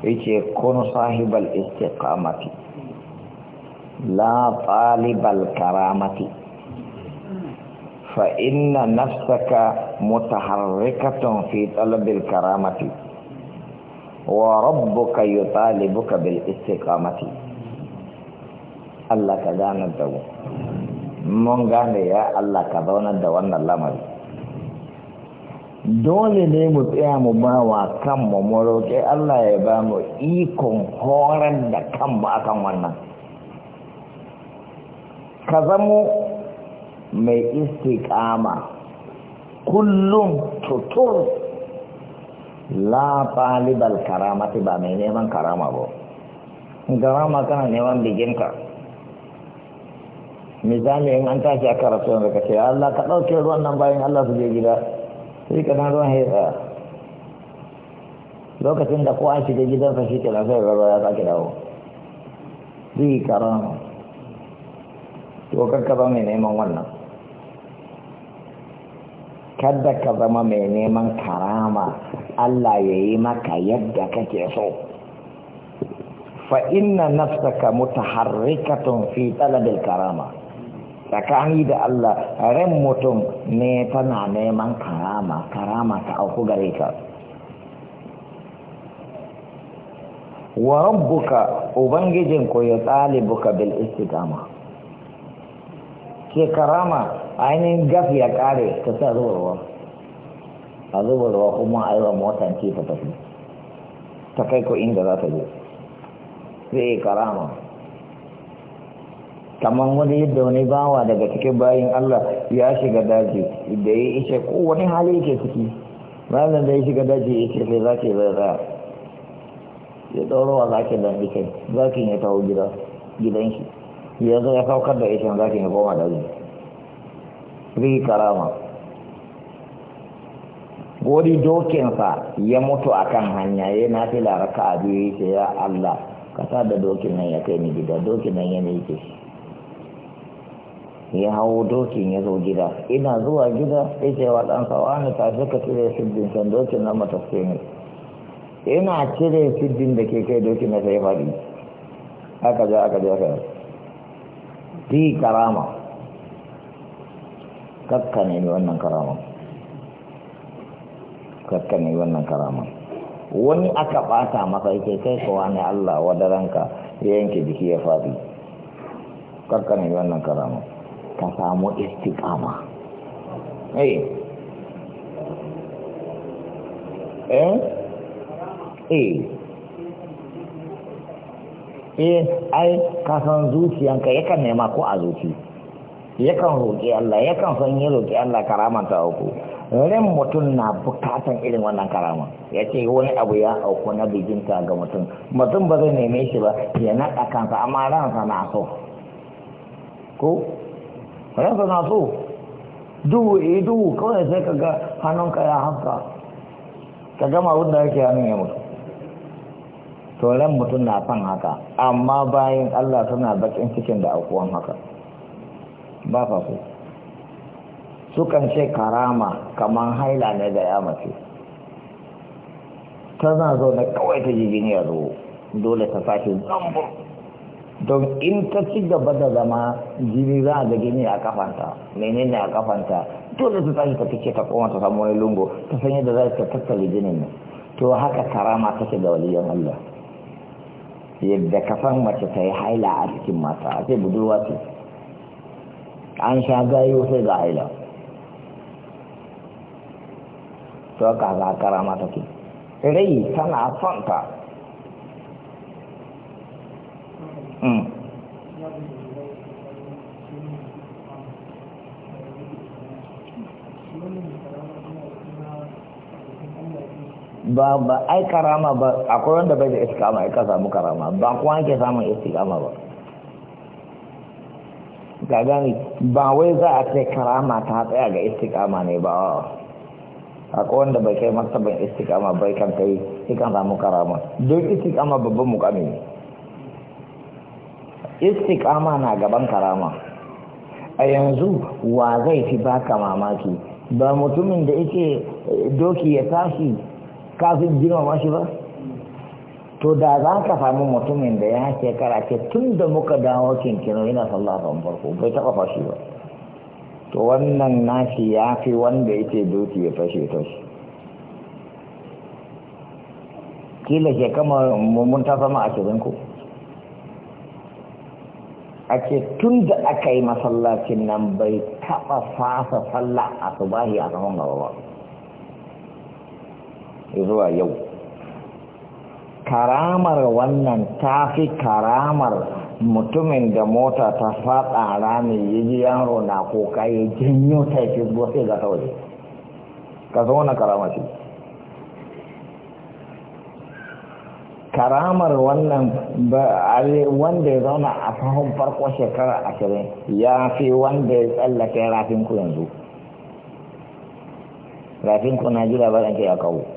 Speaker 1: yace kun sahibal istikamati la talibal karamati فإن نفسك متحركة في طلب الكرامة وربك يطالبك بالاستقامة الله كدان الدو من قال يا الله كدان الدو أن الله dole ne mu tsaya mu ba wa kanmu mu roƙi Allah ya ba mu ikon horar da kanmu akan wannan ka zamo mai istiƙama kullum tutur la falibal karamati ba mai neman karama ba karama kana neman biginka misali in an tashi a karatu yanzu ka ce Allah ka ɗauke ruwan nan bayan Allah su je gida sai ka nan ruwan haitsa lokacin da ko an shiga gidansa shi ke lafiya ga ruwa ya sake dawo zai karama to kakka mai neman wannan kada ka zama mai neman karama Allah ya yi maka yadda kake so fa inna nafsaka mutaharrikatun fi talabil karama tsakani da Allah ran mutum ne tana neman karama karama ta auku gare ka wa rabbuka ubangijinku ya tsali tsalibuka bil istiqama Karama ainihin gaf ya kare ta sa zubarwa a zubarwa kuma a yi wa motan ce ta tafi ta kai ko inda za ta je zai karama kamar wani yadda wani bawa daga cikin bayan Allah ya shiga daji da ya ishe ko wani hali yake ciki bayan da ya shiga daji ya ce sai zaki zai zaya ya ɗaurawa zaki don ikai zakin ya taho gida gidan shi yanzu ya saukar da ishin zaki ya goma daji ri karama Godi dokinsa ya mutu a kan hanya ya yi nafi laraka a biyu ya ce ya Allah ka sa da dokin nan ya kai ni gida dokin nan ya ne ke ya hau dokin ya zo gida ina zuwa gida ya ce wa ne ta fi ka cire siddin can dokin nan matafi ne ina cire siddin da ke kai dokin na sai faɗi aka ja aka ja yi. fi karama kakka ne wannan karama kakka ne wannan karama wani aka bata maka yake kai kowa ne Allah wadaranka ya yanke jiki ya faɗi kakka ne wannan karama ka samu istiqama eh eh, eh. eh ai ka san zuciyanka yakan nema ko a zuci yakan roƙi Allah yakan san ya roƙi Allah karamanta uku ran mutum na bukatan irin wannan karama ya ce wani abu ya auku na bijinta ga mutum mutum ba zai neme shi ba ya naɗa kansa amma ransa na so ko ransa na so duhu eh duhu kawai sai ka ga hannunka ya haska ka gama abin yake hannun ya mutu sauran mutum na son haka amma bayan Allah suna bakin cikin da akuwan haka ba fa su sukan ce karama kamar haila ne da ya mace tana zo da kawai ta jijini ya zo dole ta sashi zambur don in ta ci gaba da zama jini za a ga gini a kafanta menene a kafanta dole ta tashi ta fice ta koma ta samu wani lungu ta san yadda za ta tattali jinin ne to haka karama take da waliyan Allah yadda kafan mace ta yi haila a cikin mata a sai budurwa ce an sha gayo sai ga haila to ka za kara mata ke rai tana fanta ba ba ai karama ba akwai wanda bai da istiqama ai ka samu karama ba kuma ake samun istiqama ba ga gani ba wai za a ce karama ta tsaya ga istiqama ne ba akwai wanda bai kai martaban istiqama bai kan kai kan samu karama don istiqama babban mukami ne istiqama na gaban karama a yanzu wa zai fi baka mamaki ba mutumin da yake eh, doki ya tashi kafin girmama shi ba to da za ka samu mutumin da ya shekara ce tun da muka dawo kinkino yana sallah ban farko bai taɓa fashi ba to wannan nashi ya fi wanda yake doki ya fashe shi kila ke kama mun ta sama a shirin ku a ce tun da aka yi masallacin nan bai taɓa fasa sallah a su subahi a saman gaba ba zuwa yau karamar wannan ta fi karamar mutumin da mota ta faɗa rami ya ji yaro na koka ya janyo ta fi zuwa sai ga ta waje ka zo wani karamar shi karamar wannan wanda ya zauna a sahun farko shekara ashirin ya fi wanda ya tsallake rafin ku yanzu rafin ku na ji labarin ke ya kawo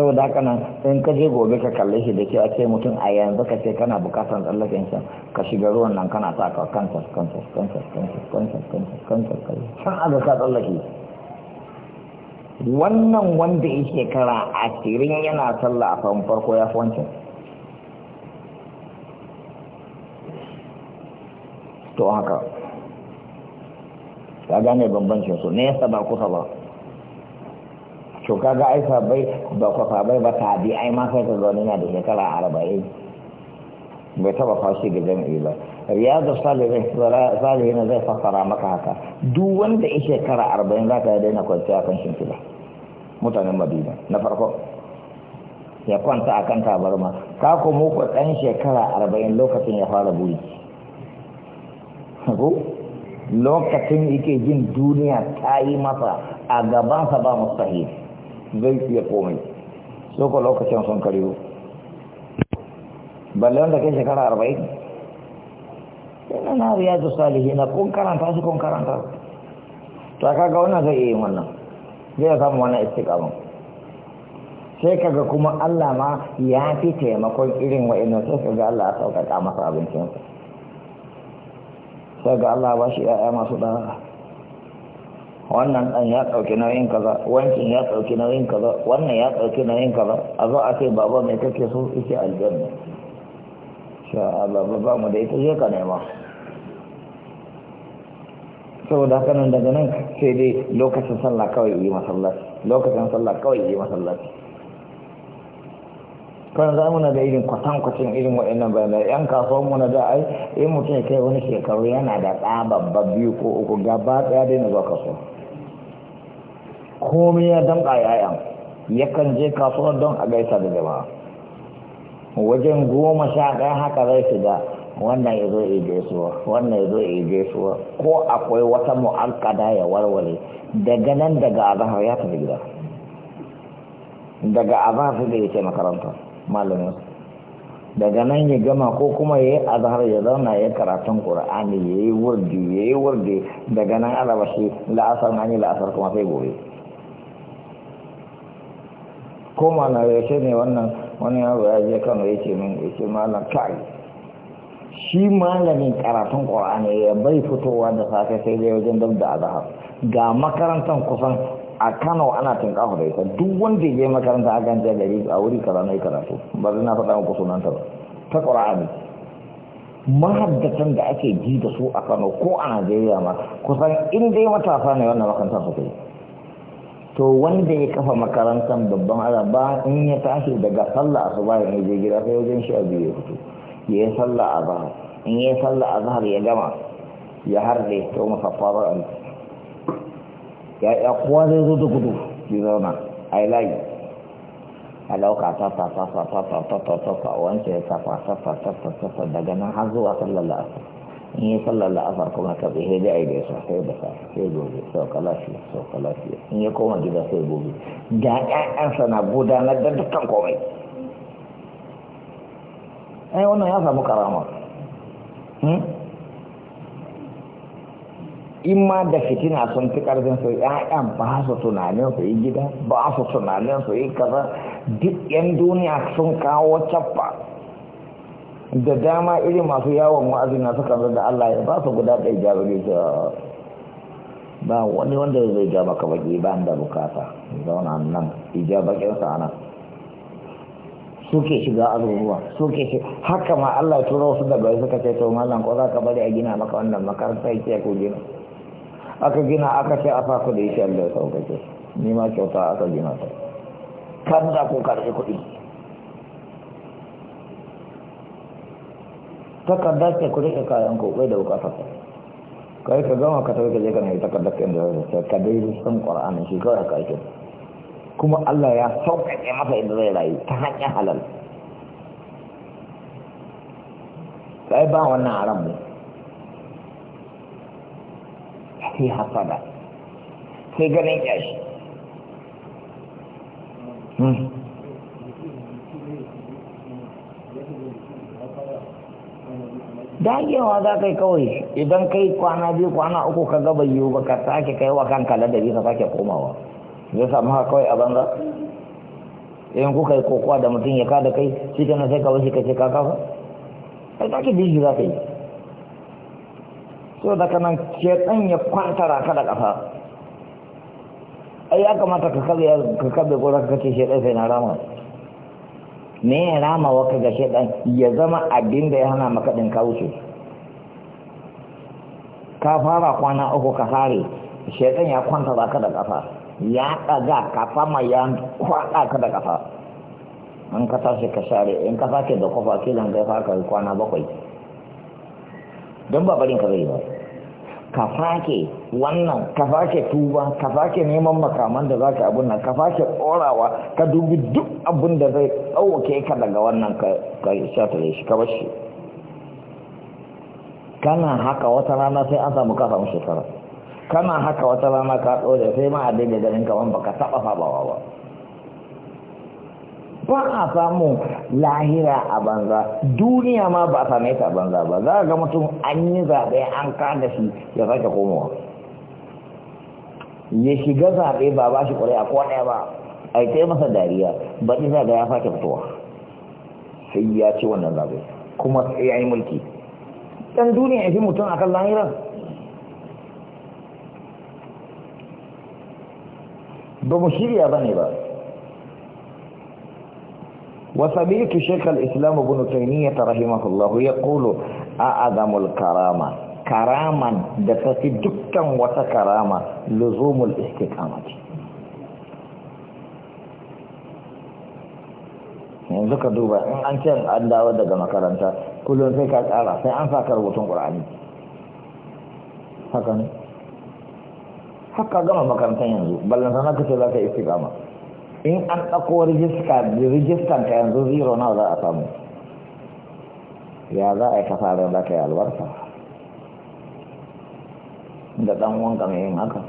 Speaker 1: saboda haka nan in ka je gobe ka kalle shi da cewa ce mutum a yanzu ka ce kana bukatar tsallaken shi ka shiga ruwan nan kana sa ka kan taskan san aga ka tsallake wannan wanda ya shekara ashirin yana sallah a kan farko ya fi wancan to haka ta gane bambancin su ya ba kusa ba to kaga ai bai ba fa bai ba tabi ai ma sai ka ga wani na da shekara arba'in bai taba fashi ga jami'i ba riyadu salihin zai fassara maka haka duk wanda ya shekara arba'in za ka daina kwanciya kan shimfiɗa mutanen madina na farko ya kwanta a kan tabarma ka ku muku ɗan shekara arba'in lokacin ya fara buri lokacin yake jin duniya ta yi masa a gabansa ba mustahil zai fiye komai so ko lokacin sun karyo balle wanda kai shekara arba'in yana na da salihi na kun karanta su kun karanta to a kaga wannan zai iya wannan zai samu wannan istiqamin sai kaga kuma Allah ma ya fi taimakon irin wa'annan sai kaga Allah ya sauƙaƙa masa abincinsa sai ga Allah ba shi 'ya'ya masu ɗara wannan dan ya dauki nauyin kaza wancan ya dauki nauyin kaza wannan ya dauki nauyin kaza a zo a ce baba mai kake so yake aljanna sha Allah baba mu da ita je ka nema saboda haka nan daga nan sai dai lokacin sallah kawai yi masallaci lokacin sallah kawai yi masallaci kan za muna da irin kwatan kwacin irin waɗannan bayanai yan kasuwan mu na da ai in mutum ya kai wani shekaru yana da tsaba babbi biyu ko uku gaba ɗaya dai na zuwa kasuwa komai ya damƙa yayan yakan je kasuwar don a gaisa da jama'a wajen goma sha ɗaya haka zai shiga wannan ya zo ije suwa wannan ya zo ije suwa ko akwai wata mu'alƙada ya warware daga nan daga azahar ya tafi gida daga azahar da ya ce makaranta malamin daga nan ya gama ko kuma ya yi azahar ya zauna ya karatun ƙura'ani ya yi wurdi ya yi wurdi daga nan alabashi la'asar na yi la'asar kuma sai gobe koma na yaushe ne wannan wani yaro ya je kano ya ce min ya ce malam kai shi malamin karatun ƙwarane ya bai fitowa da safe sai dai wajen dab da azahar ga makarantar kusan a kano ana tun kafa da ita duk wanda ya je makaranta a ganjar gari a wuri kaza na karatu ba zai na faɗa muku sunanta ba ta ƙwarane mahaddatan da ake ji da su a kano ko a najeriya ma kusan in dai matasa ne wannan makarantar su yi to wanda ya kafa makarantar babban ala in ya tashi daga sallah asuba ya je gida sai wajen shi a biyu ya fito ya yi sallah a zahar in ya yi sallah a zahar ya gama ya harbe to masa faru a ya ya kowa zai zo da gudu ki zauna a yi layi a lauka ta ta ta ta ta ta ta ta ta wancan ta ta ta ta ta ta ta daga nan har zuwa sallar ta in yi sallar la'asar kuma ka bi sai dai da sa sai da sa sai gobe sau kalafi sau kalafi in ya koma gida sai gobe da ƴaƴansa na gudanar da dukkan komai ai wannan ya samu karama hmm? in ma da fitina sun fi karfin su ya'yan ba su tunanin su yi gida ba su tunanin su yi kaza duk yan duniya sun kawo cappa da dama irin masu yawon wa'azi na suka da Allah ya ba su guda ɗaya jabiri su ba wani wanda zai ja maka baki ba da bukata zauna nan ija bakinsa a nan suke shiga azuzuwa suke shi haka ma Allah ya turo su daga suka ce to mallan ko za ka bari a gina maka wannan makarantar yake ko gina aka gina aka ce a fako da yake Allah ya sauƙaƙe ni ma kyauta aka gina ta kan za ku karɓi kuɗi takardar ce ku rike kayan ku da wuka ka kai ka gama ka tafi ka je ka nemi takardar ka inda zai ka dai san qur'ani shi ka kuma Allah ya sauƙaƙe masa inda zai rayu ta hanyar halal kai ba wannan haram ne sai hasada sai ganin yashi hmm. dagewa za yi kawai idan kai kwana biyu kwana uku ka gaba yiwu ba ka sake kai wa kanka ladabi ka sake komawa zai samu haka kawai a banza in kuka yi kokowa da mutum ya kada kai shi kana sai ka bashi ka ce kaka ba ai sake bi shi za ka yi so nan ke dan ya kwantara ka da kafa ai ya kamata ka kabe ka kabe gora ka shi shekan sai na rama me ya rama waka ga shaidan ya zama abin da ya hana maka din ka wuce ka fara kwana uku ka fare shaidan ya kwanta baka da kafa ya ɗaga kafa mai ya kwaɗa ka da kafa An ka tashi ka share in ka sake da kofa kilan kai fara kwana bakwai don ba barin ka zai yi ba ka fake wannan ka fake tuba ka fake neman makaman da zaka abun nan ka fake tsorawa ka dubi duk abun da zai tsawake ka daga wannan ka ka shatare shi ka bashi kana haka wata rana sai an samu ka samu kana haka wata rana ka dore sai ma a daidai ganin kaman baka taba sabawa ba ba a samu lahira a banza duniya ma ba a same ta a banza ba za a ga mutum an yi zaɓe an kada shi ya sake komowa ya shiga zaɓe ba ba shi ƙuri'a ko ɗaya ba a yi masa dariya Ba ɗin zaɓe ya sake fitowa sai ya ce wannan zaɓe kuma sai ya yi mulki ɗan duniya ya fi mutum a kan lahira ba mu shirya ba ne ba وسمعت شيخ الإسلام ابن تيمية رحمه الله يقول أعظم الكرامة كراما دفت دكا وتكرامة لزوم الاستقامة yanzu ka duba in an ce an dawo daga makaranta kullum sai ka tsara sai an saka rubutun ƙur'ani haka ne haka gama makarantar yanzu ballantana ka ce za ka istiqama in an ɗauko rijista rijistan ka yanzu zero na za a samu ya za a yi kasa da za ka yi albarka da ɗan wanka mai yin haka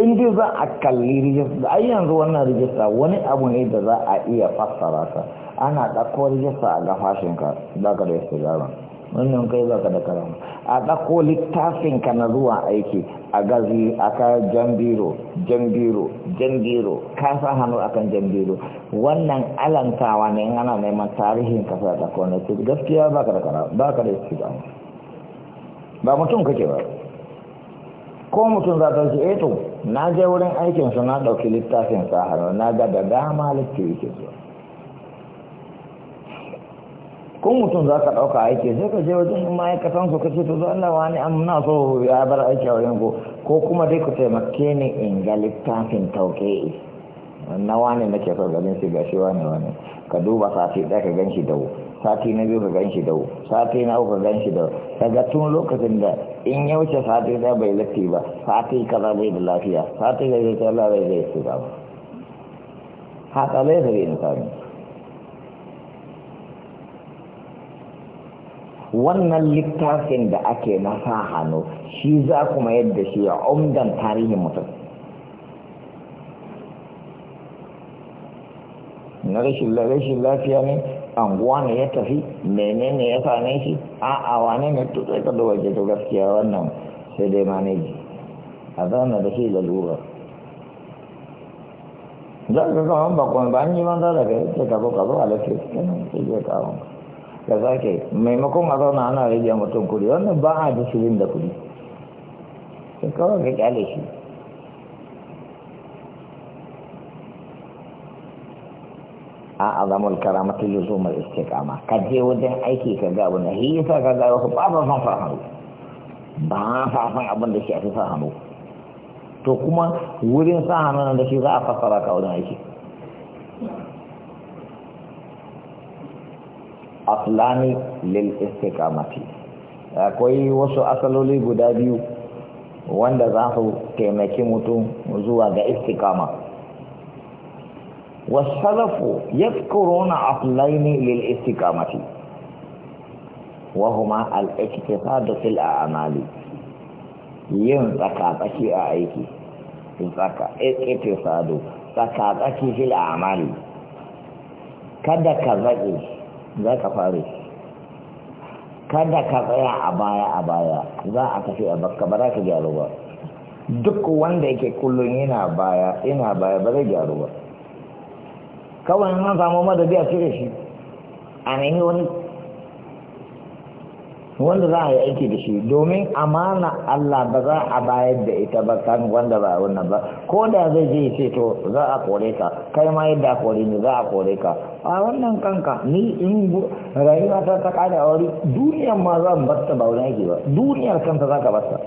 Speaker 1: in dai za a kalli rijista ai yanzu wannan rijista wani abu ne da za a iya fassara ka ana ɗauko rijista a gafashinka za ka da yasta jaron wannan kai baka da karama a dako littafin ka na zuwa aiki a gazi aka jambiro jambiro jambiro ka sa hannu a kan jambiro wannan alantawa ne ana neman tarihin kasa da ɗako na ce gaskiya baka da karama baka da istiga ba mutum kake ba ko mutum za ta ce eh na je wurin aikinsu na ɗauki littafin sa hannu na ga da dama littafin sa. ko mutum za ka ɗauka aiki sai ka je wajen in ma'aikatan su ka ce to Allah wani an na so ya bar aiki a wurin ko ko kuma dai ku taimake ni in ga littafin tauke na wani nake so ganin shi gashi wani wani ka duba sati ɗaya ka gan shi dau sati na biyu ka gan shi dau sati na uku ka gan shi dau daga tun lokacin da in ya wuce sati ɗaya bai latti ba sati kaza bai da lafiya sati ga zai ta Allah zai su ba haka zai zai insani wannan littafin da ake na sa hannu shi za kuma yadda shi a umdan tarihin mutum na rashin lafiya ne anguwa ne ya tafi menene ya same shi a'a wane ne tutsai ka da waje to gaskiya wannan sai dai maneji a zana da shi lalura za ka kama bakon ba an yi manza daga yadda ka zo ka zo a lafiya kenan sai zai kawo ka zake maimakon a zauna ana rage mutum kuɗi wannan ba a da shirin da kuɗi sai kawai ka kyale shi a azamul karamatu iske istiqama ka je wajen aiki ka ga abin da shi yasa ka ga wasu ba san fara hannu ba a san abin da shi a fi hannu to kuma wurin sa hannu da shi za a fassara ka wajen aiki aslani lil istiqamati akwai wasu asaloli guda biyu wanda za su taimaki mutum zuwa ga istiqama wasalafu yadhkuruna aslaini lil istiqamati wa huma al iktisadu fil a'mali yin tsakatsaki a aiki tsaka iktisadu tsakatsaki fil a'mali kada ka zaƙi za ka fare kada ka tsaya a baya a baya za a tafi a baka ba za ka gyaru ba duk wanda yake kullum yana baya ina baya ba zai gyaru ba kawai an samu madadi a cire shi a nemi wani wanda za a yi aiki da shi domin amana Allah ba za a bayar da ita ba kan wanda ba wannan ba ko da zai je ce to za a kore ka kai ma yadda a kore ni za a kore ka a wannan kanka ni in rayuwa ta ta kare a wuri duniyar ma za mu basta ba wani aiki ba duniyar kanta za ka basta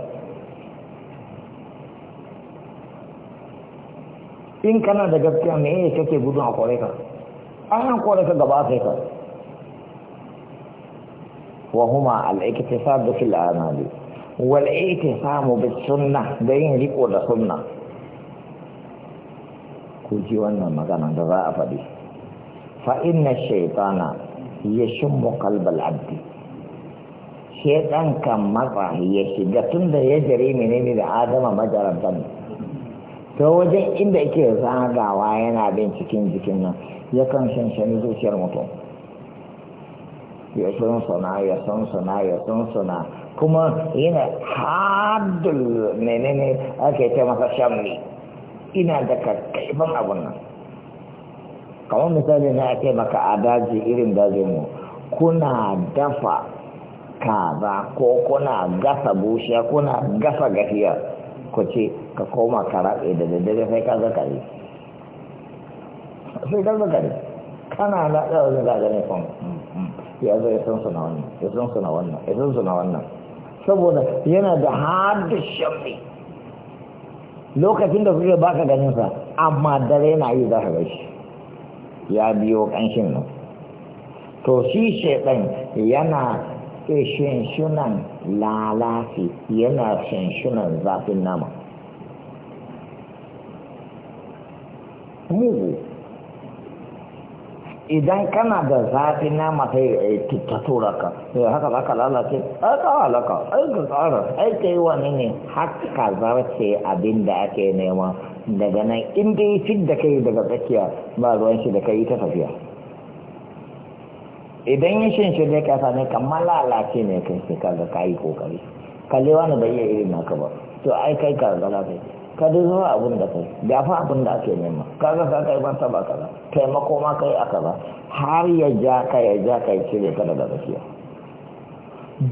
Speaker 1: in kana da gaskiya me kake gudun a kore ka an kore ka gaba sai ka وهما الاكتساب في الأعمال والاعتصام بالسنة دين ريكو دا سنة كوجي وانا مغانا دراء فدي فإن الشيطان يشم قلب العبد شيطان كم مرة يشد تند يجري من إلى آدم مجرى الدم to wajen inda yake zagawa yana bin cikin jikin nan yakan shanshani zuciyar mutum ya san sana ya san sana ya san sana kuma yana haddul menene ake ce masa shamli ina da karkaiban abun nan kamar misali na ake maka a daji irin dajinmu kuna dafa kaza ko kuna gasa bushiya kuna gasa gafiya ku ce ka koma ka raɓe da daddare sai ka zakari sai ka zakari kana na ɗaya zakari ne kuma ya zai ya san suna wannan ya san suna wannan ya san suna wannan saboda yana da hadu shafi lokacin da kuke baka ganin sa amma dare na yi za ka ga shi ya biyo kanshin nan to shi shaidan yana shinshunan lalafi yana shinshunan zafin nama mugu idan kana da zafi nama ta eh, ta tura ka haka za ka lalace ai ka halaka ka tsara ai yi wani ne haka zarce abin da ake nema daga nan inda yi fit da kai daga tsakiya ba ruwan shi da kai ta tafiya idan ya shin da kasa ne kamar lalace ne kai sai ka ga ka yi kokari kallewa na bai iya irin naka ba to ai kai ka ga ka dai zama abin da kai ga fa abin da ake nema kaga ka kai ban taba kaza taimako ma kai aka ba har ya ja ka ya ja ka ya cire ka daga gaskiya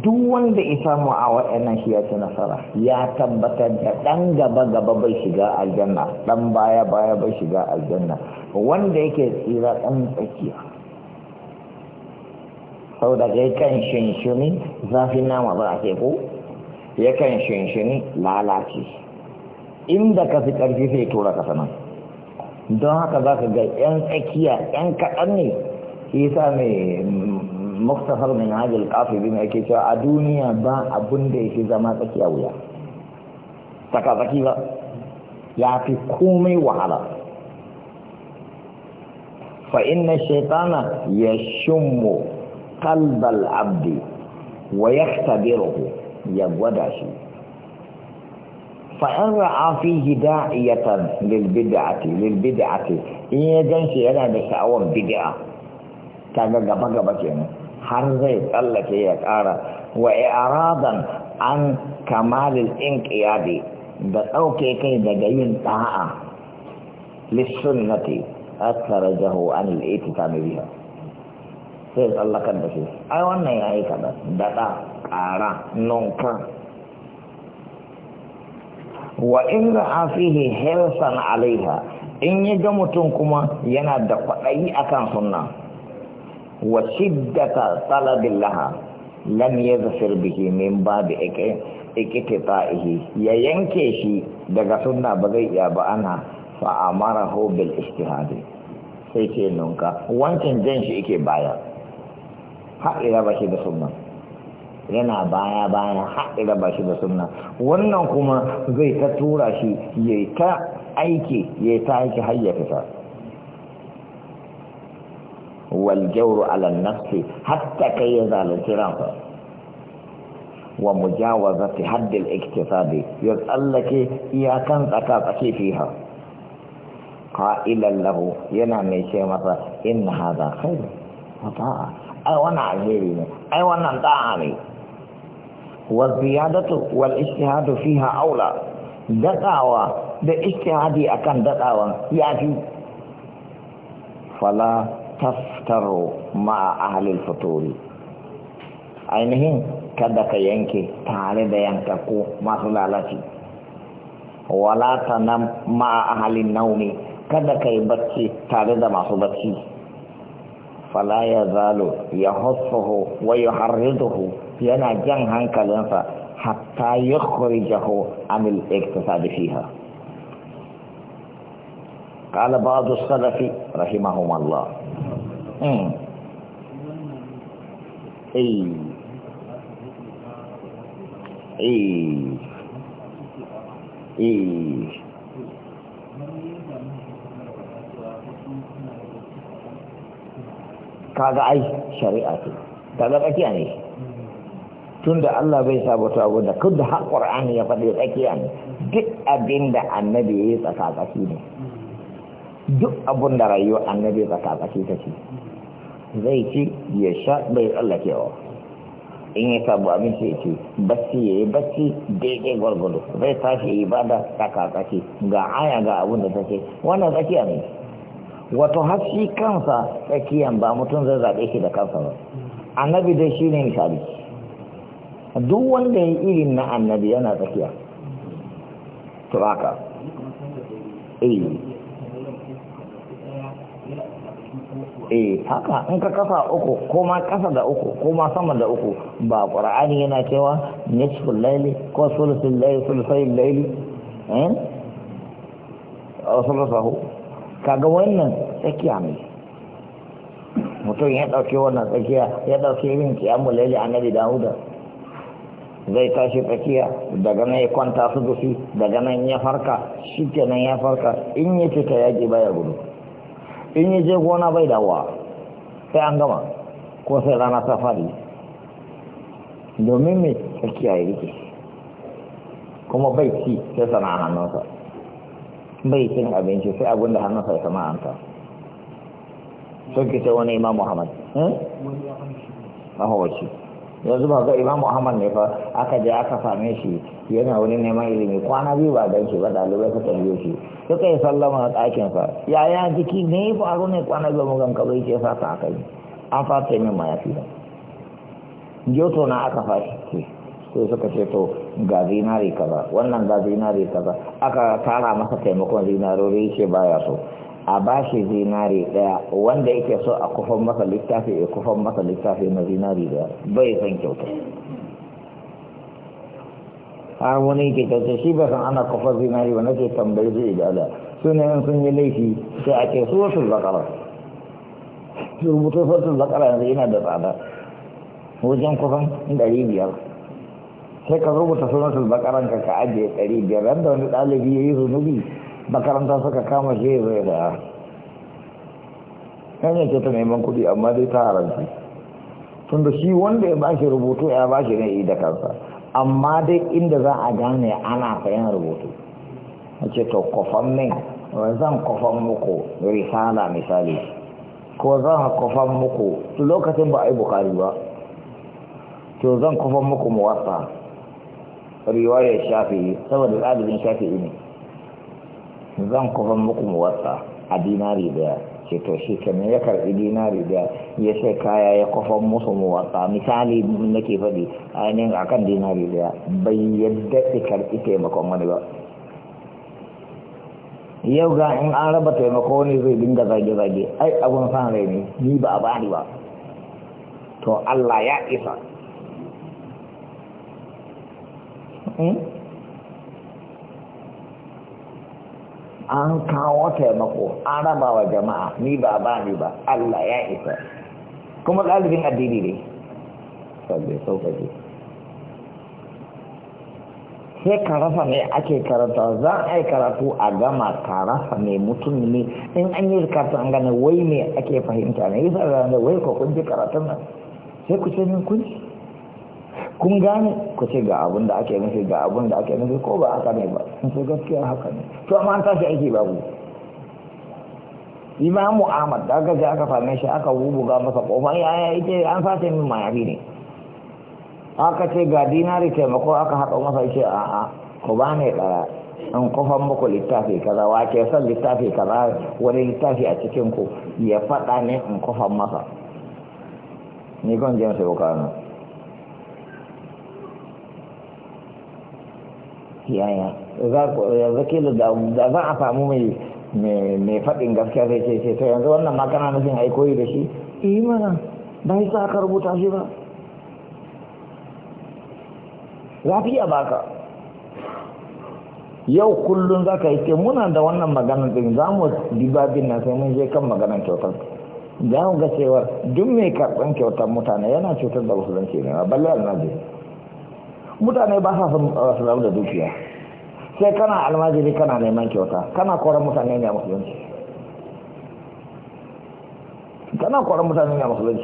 Speaker 1: duk wanda ya samu a waɗannan shi ya ci nasara ya tabbatar da ɗan gaba gaba bai shiga aljanna ɗan baya baya bai shiga aljanna wanda yake tsira ɗan tsakiya sau da kai kan shinshini zafin nama ba a teku ya kan shinshini lalace inda ka fi ƙarfi sai tura ka sanan don haka za ka ga 'yan tsakiya 'yan kaɗan ne shi sa mai muktasar min hajjal kafi bin cewa a duniya ba abin da yake zama tsakiya wuya tsaka tsaki ba ya fi komai wahala fa inna shaitana ya shimmo kalbal abdi wa ya ya gwada shi فإن رأى فيه داعية للبدعة للبدعة إن يجنسي أنا أول بدعة كان قبا قبا كينا حرزي الله كي يكارا وإعراضا عن كمال الإنقياد أوكي كي دقين طاعة للسنة أخرجه عن الإتتام بها sai الله kan da shi ai wannan بس kaza dada نونكا wa in hafihi hirsan alaiha in ya ga mutum kuma yana da kwaɗayi akan sunna wa shiddata talabil laha lam yazfir bihi min babi iqtita'ihi ya yanke shi daga sunna ba zai iya ba ana fa amarahu bil ijtihadi sai ke nunka wancan jan shi yake baya har ila ba shi da sunna yana baya baya haɗe da bashi da sunna wannan kuma zai ta tura shi ya ta aiki ya ta aiki har ya fita wal jawru hatta kai ya zalunci ranka wa mujawazati hadd al iktisadi ya tsallake iyakan tsaka tsaki fiha qailan lahu yana mai ce masa in hadha khair ta'a ai wannan alheri ne ai wannan da'a ne waziyadatu wal istihadu fiha aula dadawa da istihadi akan dadawan yafi fala taftaru ma ahli al-futuri ainihin kada ka yanke tare da yanka ko masu lalaci wala tanam ma ahli naumi kada ka yi bacci tare da masu bacci فلا يزال يحصه ويحرضه ينا جن هنكلنسا حتى يخرجه عن الاقتصاد فيها قال بعض السلف رحمهم الله امم اي اي اي kaga ai shari'a ce kaga tsakiya ne tunda Allah bai sabota abu da kun da har Qur'ani ya faɗi tsakiya ne duk abin da annabi ya yi tsakakashi ne duk abin da rayuwa annabi tsakatsaki ta ce zai ci ya sha bai tsallakewa in ya sabu abinci ya ce bacci ya yi bacci daidai gwargwado zai tashi ibada tsakakashi, ga aya ga abin da ta ce wannan tsakiya ne wato hasi kansa tsakiyan ba mutum zai zaɓe shi da kansa ba annabi dai shi ne misali duk wanda ya irin na annabi yana tsakiya turaka e eh. eh, haka in ka kasa uku ko ma kasa da uku ko ma sama da uku ba qur'ani yana cewa nishful laili ko sulusul laili sulusul laili eh aw sulusahu kaga wannan tsakiya ne mutum ya ɗauki wannan tsakiya ya ɗauki irin kiyamu laili annabi dawuda zai tashi tsakiya daga nan ya kwanta su dufi daga nan ya farka shi kenan ya farka in ya fita yaƙi baya gudu in ya je gona bai dawowa sai an gama ko sai rana ta domin mai tsakiya ya rike kuma bai ci sai sana'a hannunsa bai cin abinci sai abin da hannun sai sama anta sun ki sai wani imam muhammad
Speaker 2: hmm? wani
Speaker 1: yanzu ba ga imam muhammad ne fa aka je aka same shi yana wani neman ilimi kwana biyu ba dan shi ba ɗalibai suka biyo shi suka yi sallama a ya yaya jiki ne faru ne kwana biyu mu ganka bai ce fata aka yi an fata min mayafi da to na aka fashi sai suka ce to ga zinari kaza wannan ga zinari kaza aka tara masa taimakon zinarori ce baya so a bashi zinari daya wanda yake so a kufan masa littafi ya kufan masa littafi na zinari daya bai san kyauta har wani ke kyauta shi ba san ana kufan zinari ba nake tambayi zai da su ne sun yi laifi sai a ce su wasu zakara rubutu wasu zakara yanzu yana da tsada wajen kufan ɗari biyar sai ka rubuta sunan bakaran ka ka ajiye ɗari biyar da wani ɗalibi ya yi zunubi makaranta suka kama shi ya zai da hanyar ce ta neman kuɗi amma dai ta haranci tunda shi wanda ya bashi rubutu ya bashi ne da kansa amma dai inda za a gane ana sayan rubutu a ce to kofan min zan kofan muku risala misali ko zan kofan muku lokacin ba a yi bukari ba to zan kofan muku muwasa riwayar shafi'i saboda ɗalibin shafi'i ne zan kufan muku muwatsa a dinari daya ce to shi kenan ya karɓi dinari daya ya ce kaya ya kufan musu muwatsa misali nake faɗi ainihin akan dinari daya bai yadda ya karɓi taimakon wani ba yau ga in an raba taimako ne zai dinga zage-zage ai abun san rai ne ni ba a bani ba to Allah ya isa Hmm? an kawo taimako an raba wa jama'a ni ba ba ni ba Allah ya isa kuma ɗalibin addini ne sabbe sauƙaƙe sai ka rasa ne ake karanta za a yi karatu a gama ka rasa ne mutum ne in an yi karatu an gane wai me ake fahimta ne sa da wai ko kun ji karatun nan sai ku ce min kun ji kun gane ku ce ga abin da ake nufi ga abin da ake nufi ko ba haka ne ba sun ce gaskiya haka ne to amma an tashi aiki ba ku imamu ahmad da aka je aka same shi aka ga masa kofa ya ya ita an sace min mayafi ne aka ce ga dinari taimako aka haɗa masa ce a a ku ba ne ɗaya in kofan muku littafi kaza wa ke son littafi kaza wani littafi a cikin ku ya faɗa ne in kofan masa ni kan jin sai yaya yanzu da za a samu mai mai faɗin gaskiya zai ce sai yanzu wannan ma kana nufin ai koyi da shi eh mana ba yi sa rubuta shi ba lafiya baka yau kullum za ka yi ce muna da wannan maganar din za mu dibabin na sai mun je kan maganar kyautar za mu ga cewa duk mai karɓar kyautar mutane yana cutar da musulunci ne a balle annabi mutane ba sa son su da dukiya sai kana almajiri kana neman kyauta kana koran mutane ne a musulunci kana koran mutane ne a musulunci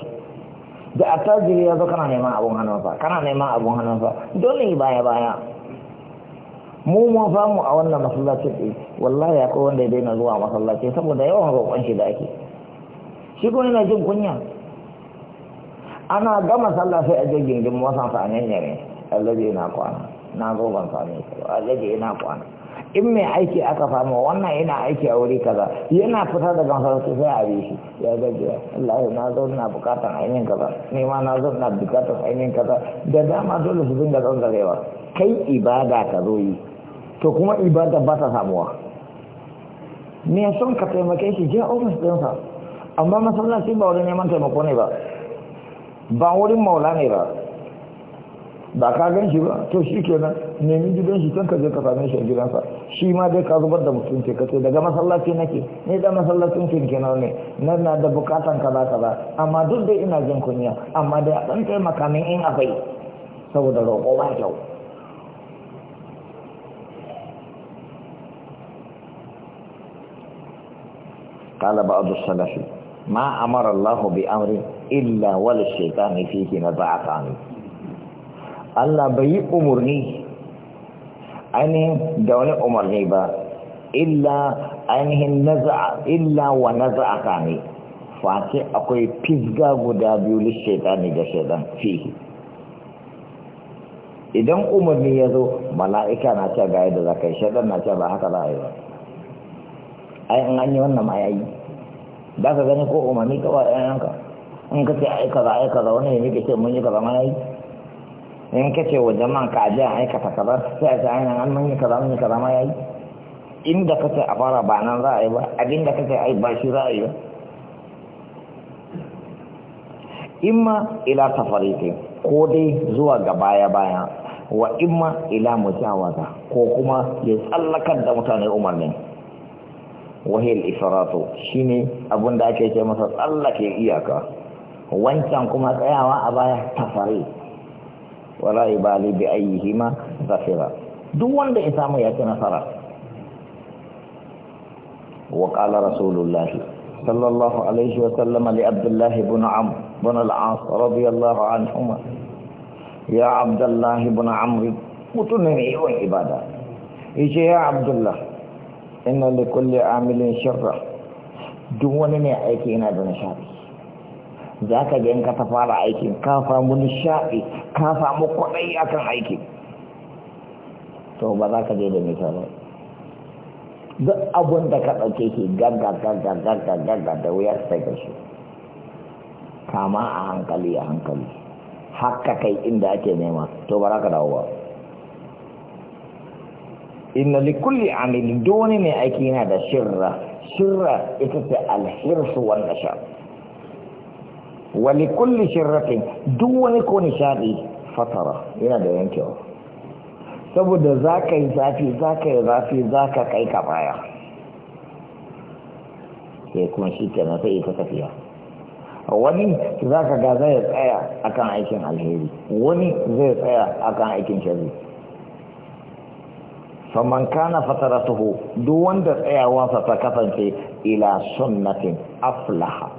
Speaker 1: da tajiri ya zo kana neman abun hannunsa kana neman abun hannunsa dole baya baya mu mun samu a wannan masallacin ɗin wallahi akwai wanda ya daina zuwa masallaci saboda yawan roƙon shi da ake shi kuma yana jin kunya ana gama sallah sai a je gindin wasan sa a yanyare allaje ina kwana na zo ban same shi ba allaje ina kwana in mai aiki aka samu wannan ina aiki a wuri kaza yana fita daga masarautu sai a bi shi ya gaji Allah na zo na bukatan ainihin kaza ne ma na zo na bukatan ainihin kaza da dama dole su dinga zanzarewa kai ibada ka zo yi to kuma ibada ba ta samuwa me son ka taimake shi je ofis ɗinsa amma masallaci ba wurin neman taimako ne ba ba wurin maula ne ba ba ka gan shi ba to shi kenan nemi gidan shi can ka ka same shi a gidansa shi ma dai ka zubar da mutunci ka daga masallaci nake ne da masallacin kinkinar ne nan na da bukatan kaza kaza amma duk dai ina jin kunya amma dai a ɗan taimaka min in akwai saboda roƙo ba kyau قال بعض السلف ما أمر الله بأمر إلا وللشيطان فيه مبعث عنه Allah bai yi umarni ainihin da wani umarni ba illa ainihin naza'a illa wa naza'a ka ne face akwai fisga guda biyu lishaitani da shaidan fihi idan umarni ya zo mala'ika na ce ga yadda za shaidan na ce ba haka za a yi ba ai in an yi wannan ma yi? Da ka gani ko umarni kawai ɗayan yanka in ka ce aika za aika za wani ya mike ce mun yi kaza ma yi? in ka ce wa jama'an ka aje a aikata kaza sai a ce ainihin an manyan kaza manyan kaza ma ya yi inda ka ce a fara ba nan za a yi ba abin da ka ce ai ba shi za a yi ba In ma ila ke ko dai zuwa ga baya baya wa in ma ila mujawaza ko kuma ya tsallakar da mutane umarnin wahil isratu shine abin da ake ce masa tsallake iyaka wancan kuma tsayawa a baya tafari wala ibali bi ayyihima zafira duk wanda ya samu ya ci nasara wa qala rasulullahi sallallahu alaihi wa sallam li abdullah ibn amr ibn al-as radiyallahu anhuma ya abdullah ibn amr mutune ne yawan ibada yace ya abdullah inna li kulli amilin sharra duk wani ne aiki ina da nishadi za ka ga in ka ta fara aikin ka samu nishaɗi ka samu kwaɗayi a kan aiki to ba za ka je da nisa ba duk abin da ka ɗauke shi gagga gagga gagga da wuyar sai ka shi kama a hankali a hankali haka kai inda ake nema to ba za ka dawo ba inna li kulli amilin duk wani mai aiki yana da shirra shirra ita ce alhirsu wanda sha Wani kulli shirratin duk wani ko nishadi fatara yana da yankewa saboda za ka yi zafi za ka yi zafi za ka kai ka baya sai kuma shi kenan sai ita tafiya wani za ka ga zai tsaya akan aikin alheri wani zai tsaya akan aikin shari faman kana fatara duk wanda tsayawansa ta kasance ila sunnatin aflaha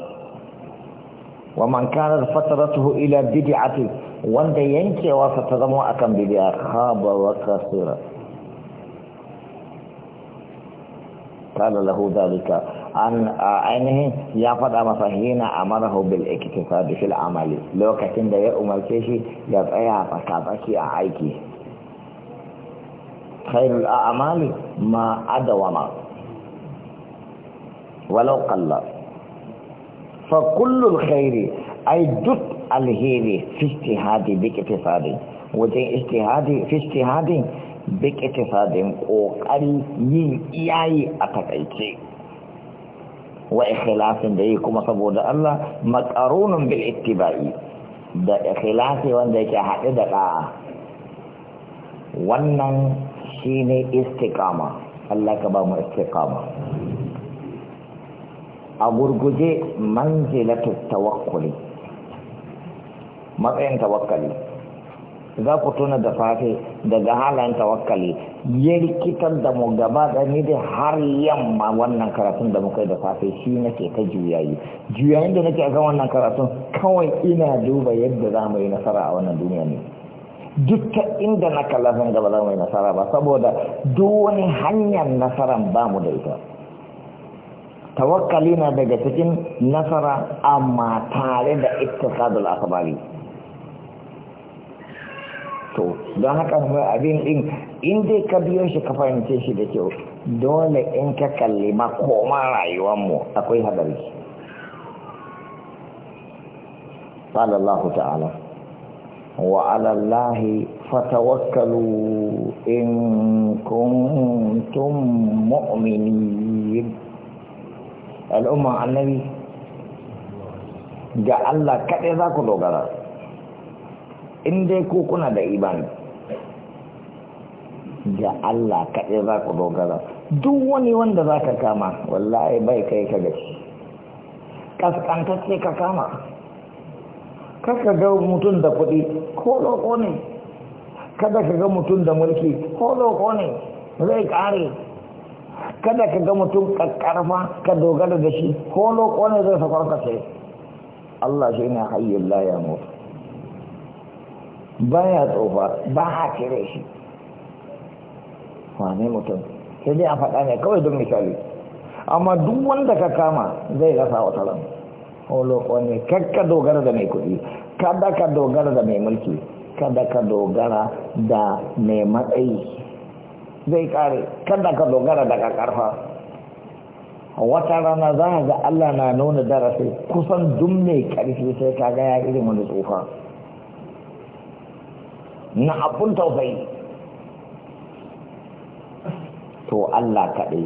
Speaker 1: wa man kanat fataratuhu ila bid'ati wanda yankewa sa ta zama akan bid'a khaba wa kasira qala lahu dalika an ainihin ya faɗa masa hina amarahu bil iktisad fil amali lokacin da ya umarce shi ya tsaya tsakatsaki a aiki khairul a'mali ma adawama walau qalla fa kullul khairi ai duk alheri fi ijtihadi bi kitfadi wajen ijtihadi fi ijtihadi bi kitfadin kokari yin iyayi a takaice wa ikhlasin da yi kuma saboda Allah maqarunun bil ittiba'i da ikhlasi wanda yake haɗe da ɗa'a wannan shine istiqama Allah ka bamu mu istiqama a gurguje manzilatu tawakkuli matsayin tawakkali za ku tuna da safe daga halayen tawakkali ya rikitar da mu gaba da ni da har yamma wannan karatun da muka yi da safe shi nake ta juyayi juyayin da nake akan wannan karatun kawai ina duba yadda za mu yi nasara a wannan duniya ne duk ta inda na kalla gaba za mu yi nasara ba saboda duk wani hanyar nasaran ba mu da ita tawakkali na daga cikin nasara amma tare da ittisadul akhbari to don haka mai abin din in dai ka biyo shi ka fahimce shi da kyau dole in ka kalli ma koma rayuwanmu akwai hadari sallallahu ta'ala wa alallahi الله فتوكلوا إن كنتم al'umman annabi ga Allah kaɗai za ku dogara in dai ku kuna da imani ga Allah kaɗai za ku dogara duk wani wanda za ka kama wallahi bai kai ka gaci ƙasƙantacce ka kama kaka ga mutum da kuɗi ko loko ne kada ka ga mutum da mulki ko loko ne zai ƙare kada ka ga mutum karfa ka dogara da shi ko loko zai sakwar ka sai Allah shi ne hayyul laya ya mutu ya tsofa ba a cire shi wane mutum sai dai a faɗa ne kawai don misali amma duk wanda ka kama zai rasa wata ran holoko ne kakka dogara da mai kuɗi kada ka dogara da mai mulki kada ka dogara da mai matsayi zai kare kada ka dogara daga karfa wata rana za a ga Allah na nuna darasi kusan duk mai karfi sai ka ga ya irin wani tsufa na abun tausayi to Allah kaɗai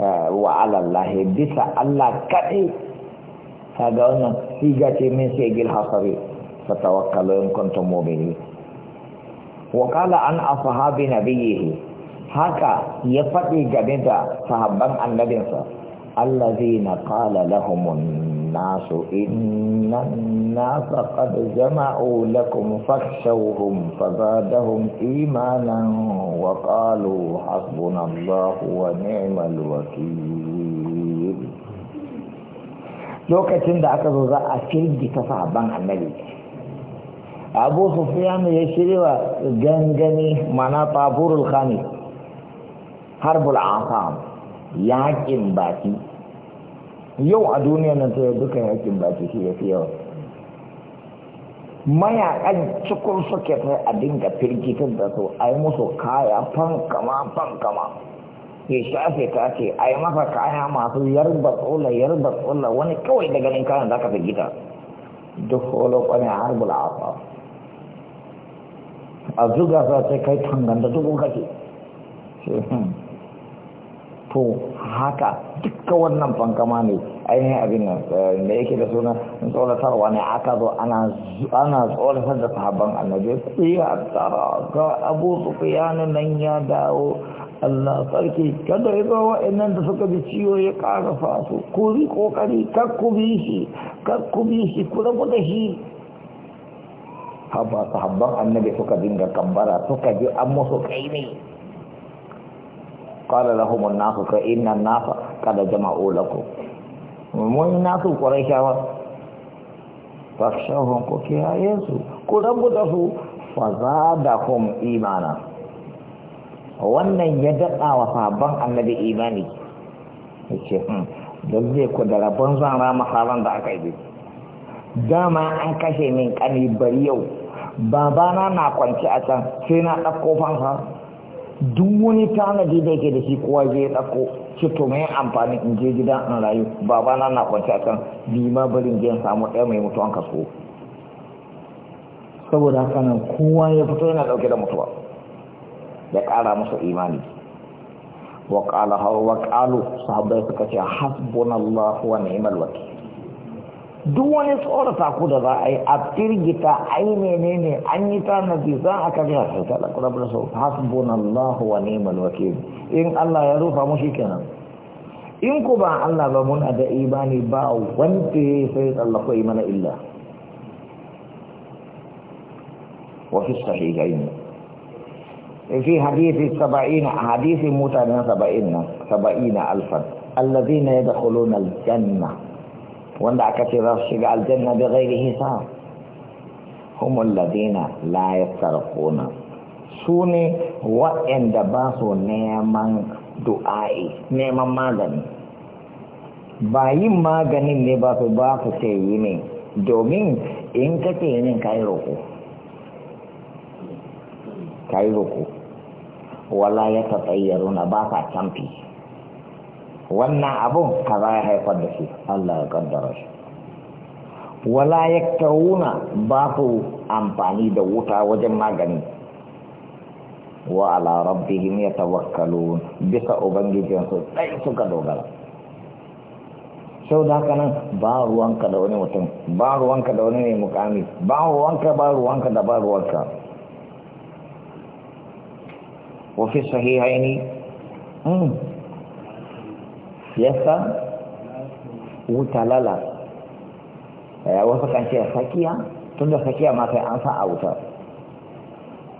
Speaker 1: eh, wa alallahi bisa Allah kaɗai ta ga wannan siga ce min gil hasari tawakkalo yankuntun mobili Wakala an a عن na biyu haka ya faɗi game da sahabban annabinsa allazina qala lahumun nasu innan nasa qad jama'u lakum fakhshawhum fazadahum imanan wa qalu hasbunallahu wa ni'mal wakeel lokacin da aka zo za a ta sahabban annabi abu sufyan ya shirya gangani mana taburul khamis harbul asam yaƙin baki yau a duniya nan ta dukkan yaƙin baki shi ya fi yawa mayaƙan cikin suke ta a dinga firgitar da su a yi musu kaya fankama fankama ya shafe ta ce a yi masa kaya masu yarba tsola yarba tsola wani kawai da ganin kayan za ka firgita duk holo kwani harbul asam a zuga sa sai kai tangan da duk kake hmm. to haka dukkan wannan fankama ne ainihin abin nan eh, da yake da suna tsoratarwa ne aka zo ana tsoratar da sahabban annabi ya tsara ga abu sufiyanin nan ya dawo Allah sarki kada ya zo wa'annan da suka bi ciwo ya ƙara fasu ku yi ƙoƙari kar ku bi shi kar ku bi shi ku rabu da shi haba sahabban annabi suka dinga kambara suka ji an musu kai ne qala lahum an-nas fa inna an-nas qad jama'u lakum mun nasu quraishawa fakshahum ku kiyaye su ku rabuta su fa zadahum imana wannan ya daɗa wa sabon annabi imani yace hmm, don zai ku da rabon zan rama sabon da aka yi dama an kashe min kani yau babana na kwance a can sai na ɗauko fansa duk wani tanadi da yake da shi kowa zai ɗauko shi to mai amfani in je gidan in rayu baba na na kwanci akan bi ma barin je samu ɗaya mai mutu an kaso saboda haka nan kowa ya fito yana ɗauke da mutuwa ya ƙara musu imani wa qala wa qalu sahabbai suka ce hasbunallahu wa ni'mal wakil duk wani tsorata ku da za a yi a firgita ne ne an yi tanadi za a karya su ta rabu da sau hasbunallahu wa ni'mal wakil in Allah ya rufa mu kenan in ku ba Allah ba mun da imani ba wanda ya sai yi mana illa Wasu wa fi hadithi في حديث السبعين حديث موتى سبعين سبعين ألفا da يدخلون janna. wanda aka ce za su shiga aljanna da ghairi hisab humul ladina la yastarquna su ne waɗanda ba su neman du'a'i neman magani ba yin maganin ne ba su ba su ce yi ne domin in ka ce yi ka yi roƙo ka yi roƙo wala ya ta tsayyaro ba sa canfi. wannan abun kaza ya haifar da shi Allah ya kaddara shi wala yaktawuna ba su amfani da wuta wajen magani wa ala rabbihim yatawakkalun bisa ubangijin su sai suka dogara sau da haka nan ba ruwanka da wani mutum ba ruwanka da wani mai mukami ba ruwanka ba ruwanka da ba ruwanka Wafi الصحيحين yasa wuta lala wasu eh, kan ce sakiya ah. tun da sakiya ah, ma sai an sa a ah, wuta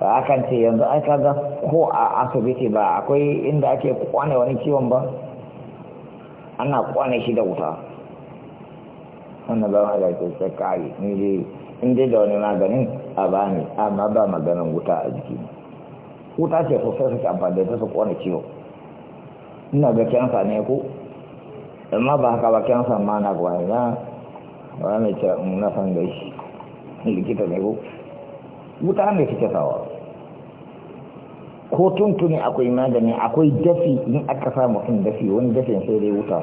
Speaker 1: ba a kan ce yanzu an kaga ko a asibiti ba akwai inda ake kwane wani ciwon ba ana kwane shi da wuta wanda ba ma da ke tsakari ni dai in dai da wani maganin a bani amma ba maganin wuta a jiki wuta ce ko sai suke amfani da ita su kwane ciwo ina ga kyansa ne ko amma ba haka ba kyan san mana kuwa ba mai ce na san da shi likita ne ko wuta ne fice sawa ko tuntuni akwai magani akwai dafi in aka sa mutum dafi wani dafin sai dai wuta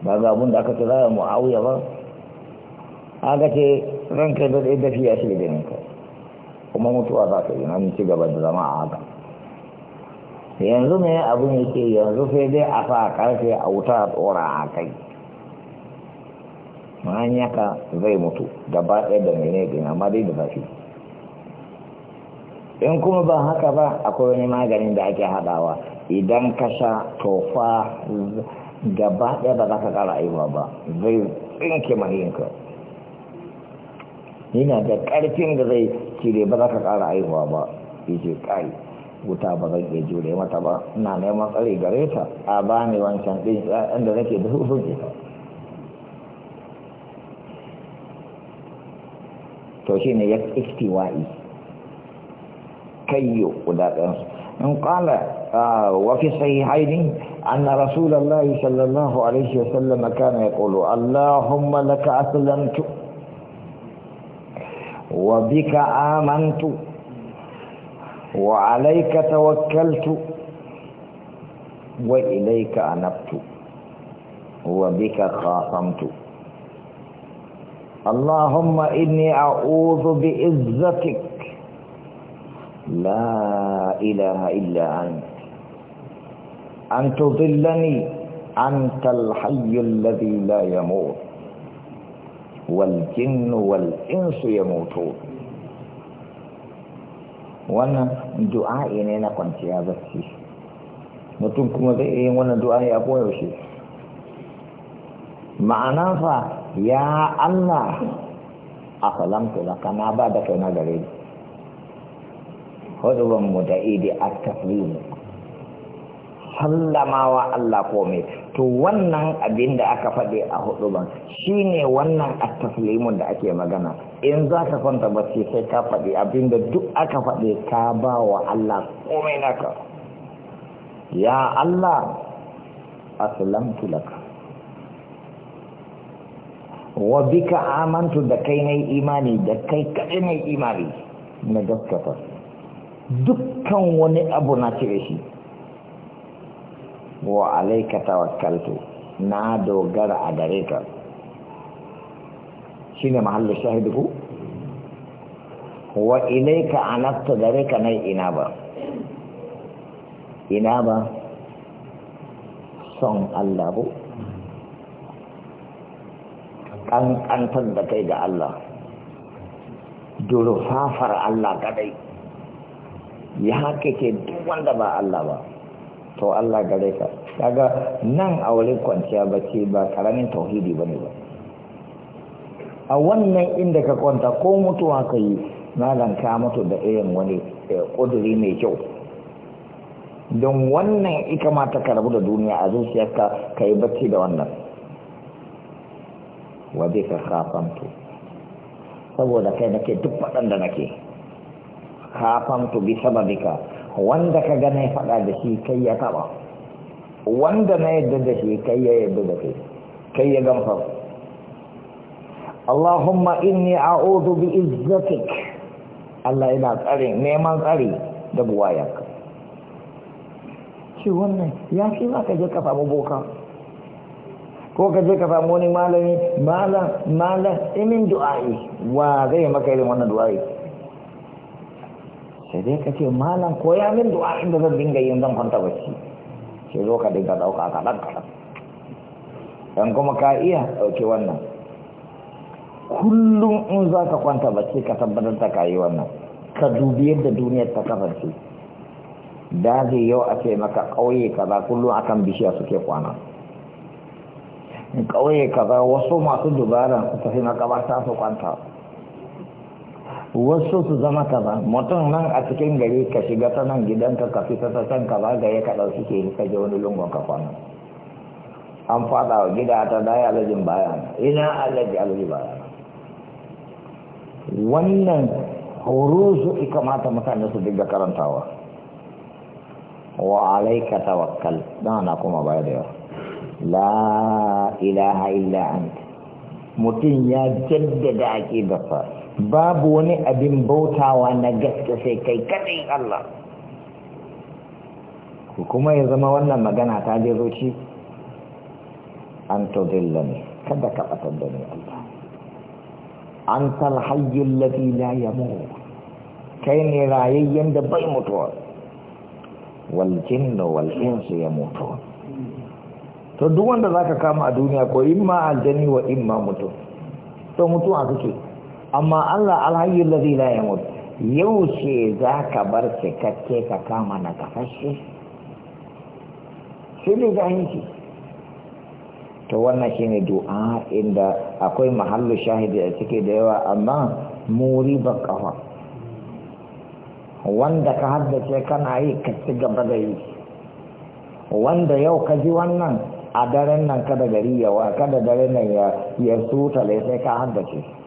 Speaker 1: ba ga abin da aka ce za a mu'awiya ba ga ce ranka da dafi ya shi da ninka kuma mutuwa za ka yi na ci gaba da zama a ah, haka yanzu ne abin yake yanzu sai dai a sa karfe a wuta a tsora a kai yaka zai mutu gaba ɗaya da mene din amma dai da zafi in kuma ba haka ba akwai wani maganin da ake haɗawa idan ka sha tofa gaba ɗaya ba za ka ƙara aiwa ba zai tsinke mahinka yana da ƙarfin da zai cire ba za ka ƙara aiwa ba yake ƙari wuta ba zan iya jure mata ba ina neman tsari gare ta a ba ni wancan ɗin Inda da nake da sun ita to shi ne ya iktiwa'i kayyo guda ɗansu in ƙala wafi sai أن رسول الله صلى الله عليه وسلم كان يقول اللهم لك أسلمت وبك amantu. وعليك توكلت وإليك أنبت وبك خاصمت اللهم إني أعوذ بعزتك لا إله إلا أنت أن تضلني أنت الحي الذي لا يموت والجن والإنس يموتون wannan du'a'i ne na kwanciya bacci mutum kuma zai iya yin wannan du'a'i a koyaushe ma'ana fa ya Allah a salamtu da kama ba da kai na gare ni hudubar mu da idi a taflimu sallama wa Allah komai to wannan abin da aka faɗi a hudu ba shi ne wannan a taslimun da ake magana in za ka kwanta bacci sai ka faɗi abin da duk aka faɗi ka ba wa Allah komai naka ya Allah aslamtu laka wa bika amantu da kai na imani da kai kaɗai na imani na gaskata dukkan wani abu na cire shi wa alaika tawakkaltu na dogara a gare ka shine mahallu shahidu ku? wa ilaika anatta gare ka nai ina ba ina ba son Allah bu ƙanƙantar da kai ga Allah durufafar Allah kadai ya haka ke duk wanda ba Allah ba to Allah gare ka kaga nan a wurin kwanciya bacci ba karamin tauhidi bane ba a wannan inda ka kwanta ko mutuwa ka yi malam ka mutu da irin wani kuduri eh, mai kyau don wannan ita ma ta karbu da duniya a zuciyarka ka yi bacci da wannan waje ka kafanto saboda kai nake duk faɗan da nake kafanto bi sababika wanda ka gane faɗa da shi kai ya taɓa wanda na yadda da shi kai ya yadda da kai kai ya gamfa, Allahumma inni a'udhu bi izzatik Allah yana tsare neman tsari da buwayanka shi wannan ya fi ma ka je ka samu boka ko ka je ka samu wani malami malam malam imin du'a'i wa zai maka irin wannan du'a'i sai dai ka ce malam koya min du'a inda zan dinga yin zan kwanta bacci sai zo ka dinga dauka kaɗan kaɗan dan kuma ka iya ɗauke wannan kullum in za ka kwanta bacci ka tabbatar da ka yi wannan ka dubi yadda duniyar ta kasance zai yau a ce maka ƙauye kaza kullum akan bishiya suke kwana ƙauye kaza wasu masu dubara su tafi makabarta su kwanta wasu su zama kaza mutum nan a cikin gari ka shiga ta nan gidanka ka fita ta san ka ya kaɗa su ke ka je wani lungon ka kwana an fada wa gida ta ya alajin baya ina alaji alaji baya wannan horo su kamata mutane su dinga karantawa wa alaika tawakkal dan na kuma baya da yawa la ilaha illa anta mutum ya jaddada aqidarsa babu wani abin bautawa na gaske sai kai kadai Allah ku kuma ya zama wannan magana ta je zoci an tadilla ne kada ka batar da ni Allah an talhayyul ladhi la yamut kai ne rayayyen da bai mutuwa wal jinnu wal insu yamutu to duk wanda zaka kama a duniya ko imma aljani wa imma mutu to mutuwa kake amma Allah alhayu lazi la mutu yau ce za ka bar cikakke ka kama na kafashe shi ne jahilci to wannan shi ne du'a inda akwai mahallu shahidi a cike da yawa amma muri ba kafa wanda ka haddace kana yi ka ci gaba da yi wanda yau ka ji wannan a daren nan kada gari yawa kada daren nan ya suta sai ka haddace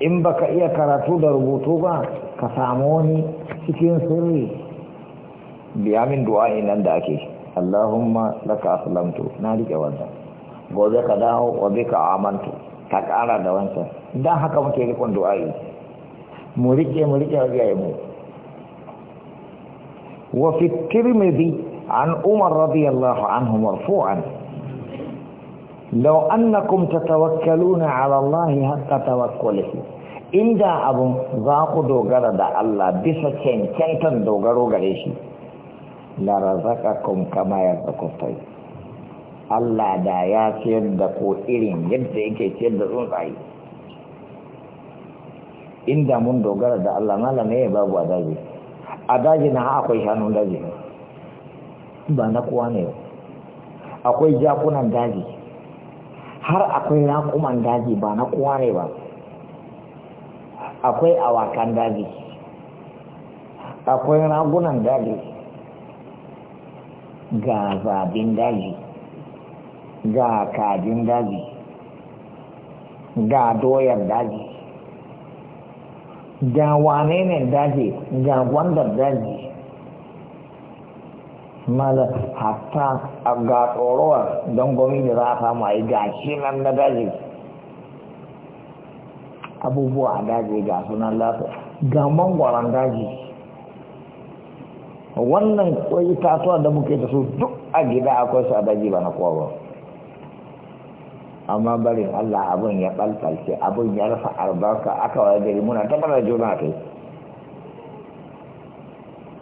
Speaker 1: in baka iya karatu da rubutu ba ka samu wani cikin sirri biya min du'a'i nan da ake Allahumma laka aslamtu na rike wannan gobe ka dawo gobe ka amantu ka kara da wancan dan haka muke rikon du'a'i mu rike mu rike ga mu wa fi tirmidhi an umar radiyallahu anhu marfu'an law annakum tatawakkaluna ala Allah haqqa tawakkulihi inda abun za ku dogara da Allah bisa cancantan dogaro gare shi la razaqakum kama yarzuqu tayy Allah da ya ciyar da ku irin yadda yake ciyar da tsuntsaye inda mun dogara da Allah malamai ya babu a daji. a daji na akwai shanun daji ba na kowa ne akwai jakunan daji har akwai raƙuman daji ba na kware ne ba akwai awakan daji akwai ragunan daji ga zabin daji ga kajin daji ga doyar daji ga wane ne daji ga gwandar daji mala hatta a ga tsorowar don gwamnati za a samu a yi gashi nan na daji abubuwa a daji ga sunan lafiya ga mangwaron daji wannan kwai tatuwa da muke da su duk a gida akwai su a daji ba na kowa amma barin allah abin ya ɓalɓalce abin ya rasa albarka aka waye gari muna tabbatar juna kai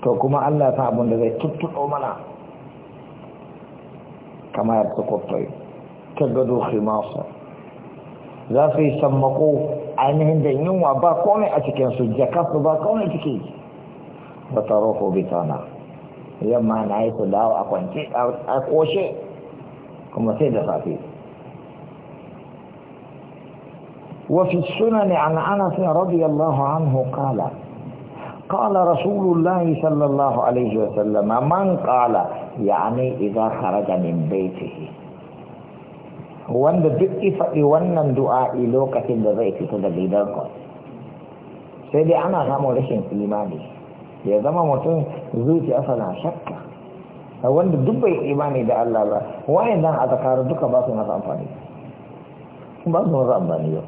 Speaker 1: to kuma Allah ta abun da zai tuttuɗo mana kamar su ta gado khimasa za su yi sammako ainihin da yunwa ba komai a cikinsu jakasu ba komai ciki ba taro ko bitana yamma na yi su dawo a kwance a koshe kuma sai da safe وفي السنن ana انس رضي الله عنه قال رسول الله صلى الله عليه وسلم من قال يعني إذا خرج من بيته وند دكي فأي ونن دعاء لوكة دبيت تدبي دلقا سيدي أنا غامو لشين إيماني يا زما متون زوتي أصلا شكا وند دبي إيماني دا الله الله وين دان أتكار دكا باسو نسا أمفاني باسو نسا أمفاني يو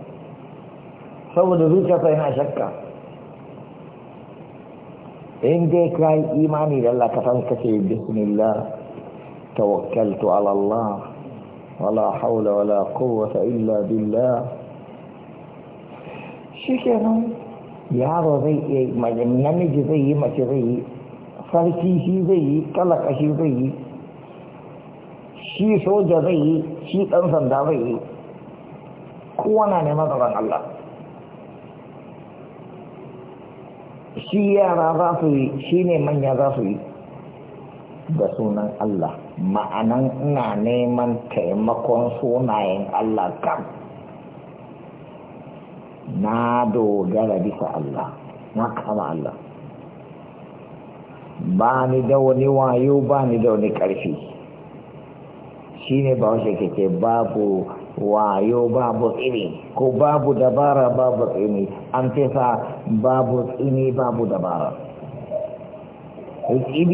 Speaker 1: سوى دزوتي أصلا شكا in dai ka yi imani da Allah ka san kace bismillah tawakkaltu ala Allah wala haula wala quwwata illa billah shikenan yaro zai iya namiji zai yi mace zai yi sarki shi zai yi kala shi zai yi shi soja zai yi shi dan sanda zai yi kowa na neman tsaron Allah shi yara za su yi shi ne manya za su yi da sunan Allah ma'anan ina neman taimakon sunayen Allah kan na dogara bisa Allah na kama Allah ba ni da wani wayo ba ni da wani karfi shi ne ba wasu kake babu wayo babu ini ko babu dabara babu ini an ce sa babu ini babu dabara shi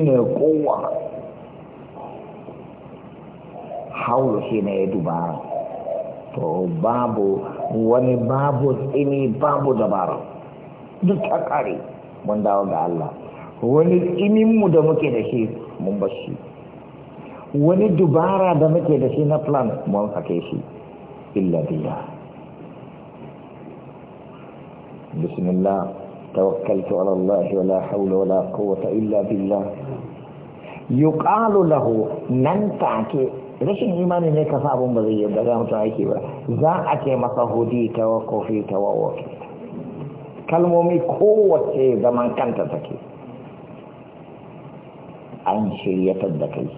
Speaker 1: ne kowa haulu ne dubara to babu wani babu ini babu dabara duk ta kare wanda ga Allah wani ininmu da muke da shi mun bashi wani dubara da muke da shi na plan mun sake shi illa biya bismillah tawakkaltu ala Allah wa la hawla wa la quwwata illa billah yuqalu lahu nan take rashin imani ne ka sa abun ba zai yadda za ta aiki ba za a ce masa hudi tawakkufi tawawwaki kalmomi kowace zaman kanta take an shiryatar da kai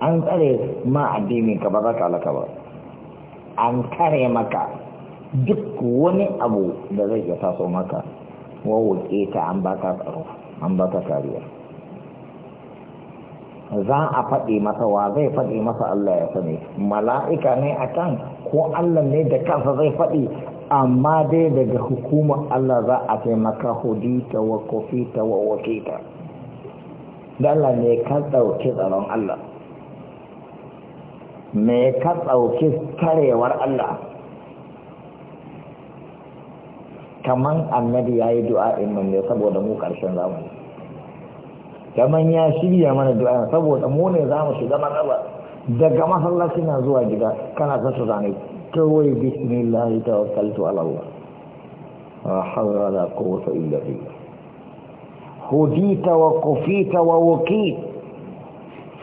Speaker 1: an tsare ma addinin ka ba za ka halaka ba an kare maka duk wani abu da zai ya taso maka wawuke ka an baka tsaro an baka kariya za a faɗi masa wa zai faɗi masa Allah ya sani mala'ika ne a kan ko Allah ne da kansa zai faɗi amma dai daga hukumar Allah za a taimaka hudita wa kofita wa wakita da Allah ne ka ɗauki tsaron Allah me ka tsauki karewar Allah kaman annabi ya yi du'a'in nan ne saboda mu ƙarshen zamani kaman ya shirya mana du'a saboda mu ne za mu shiga matsala daga masallaci na zuwa gida kana san su zane kawai bismillah tawakkaltu ala Allah wa hawla la quwwata illa billah hudita wa kufita wa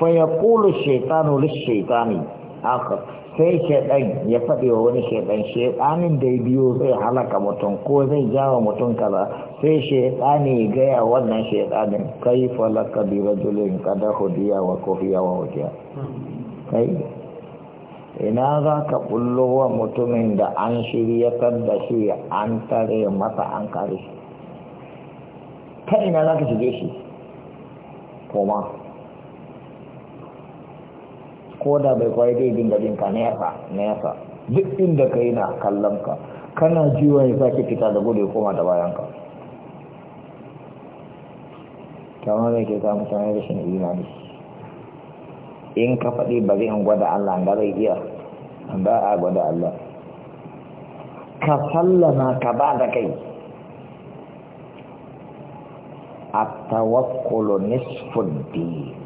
Speaker 1: yaqulu shaytanu الشيطان shaytani akhar sai shaidan ya faɗi wa wani shaidan shaidanin da biyo zai halaka mutum ko zai jawa mutum kaza sai shaidan ya gaya wannan shaidanin kai falaka bi rajulin kada hudiya wa kofiya wa hudiya kai ina za ka bullo wa mutumin da an shiryatar da shi an tare masa an kare shi ta ina za ka shige shi koma ko da bai kwaye dai dinga jin ka nesa nesa duk inda ka na kallon ka kana jiwa ya sake fita da gudu ya koma da bayan ka kama mai ke samu sanar da shi imani in ka faɗi ba zai gwada Allah ga zai iya ba a gwada Allah ka sallama ka ba da kai a tawakkulu nisfuddin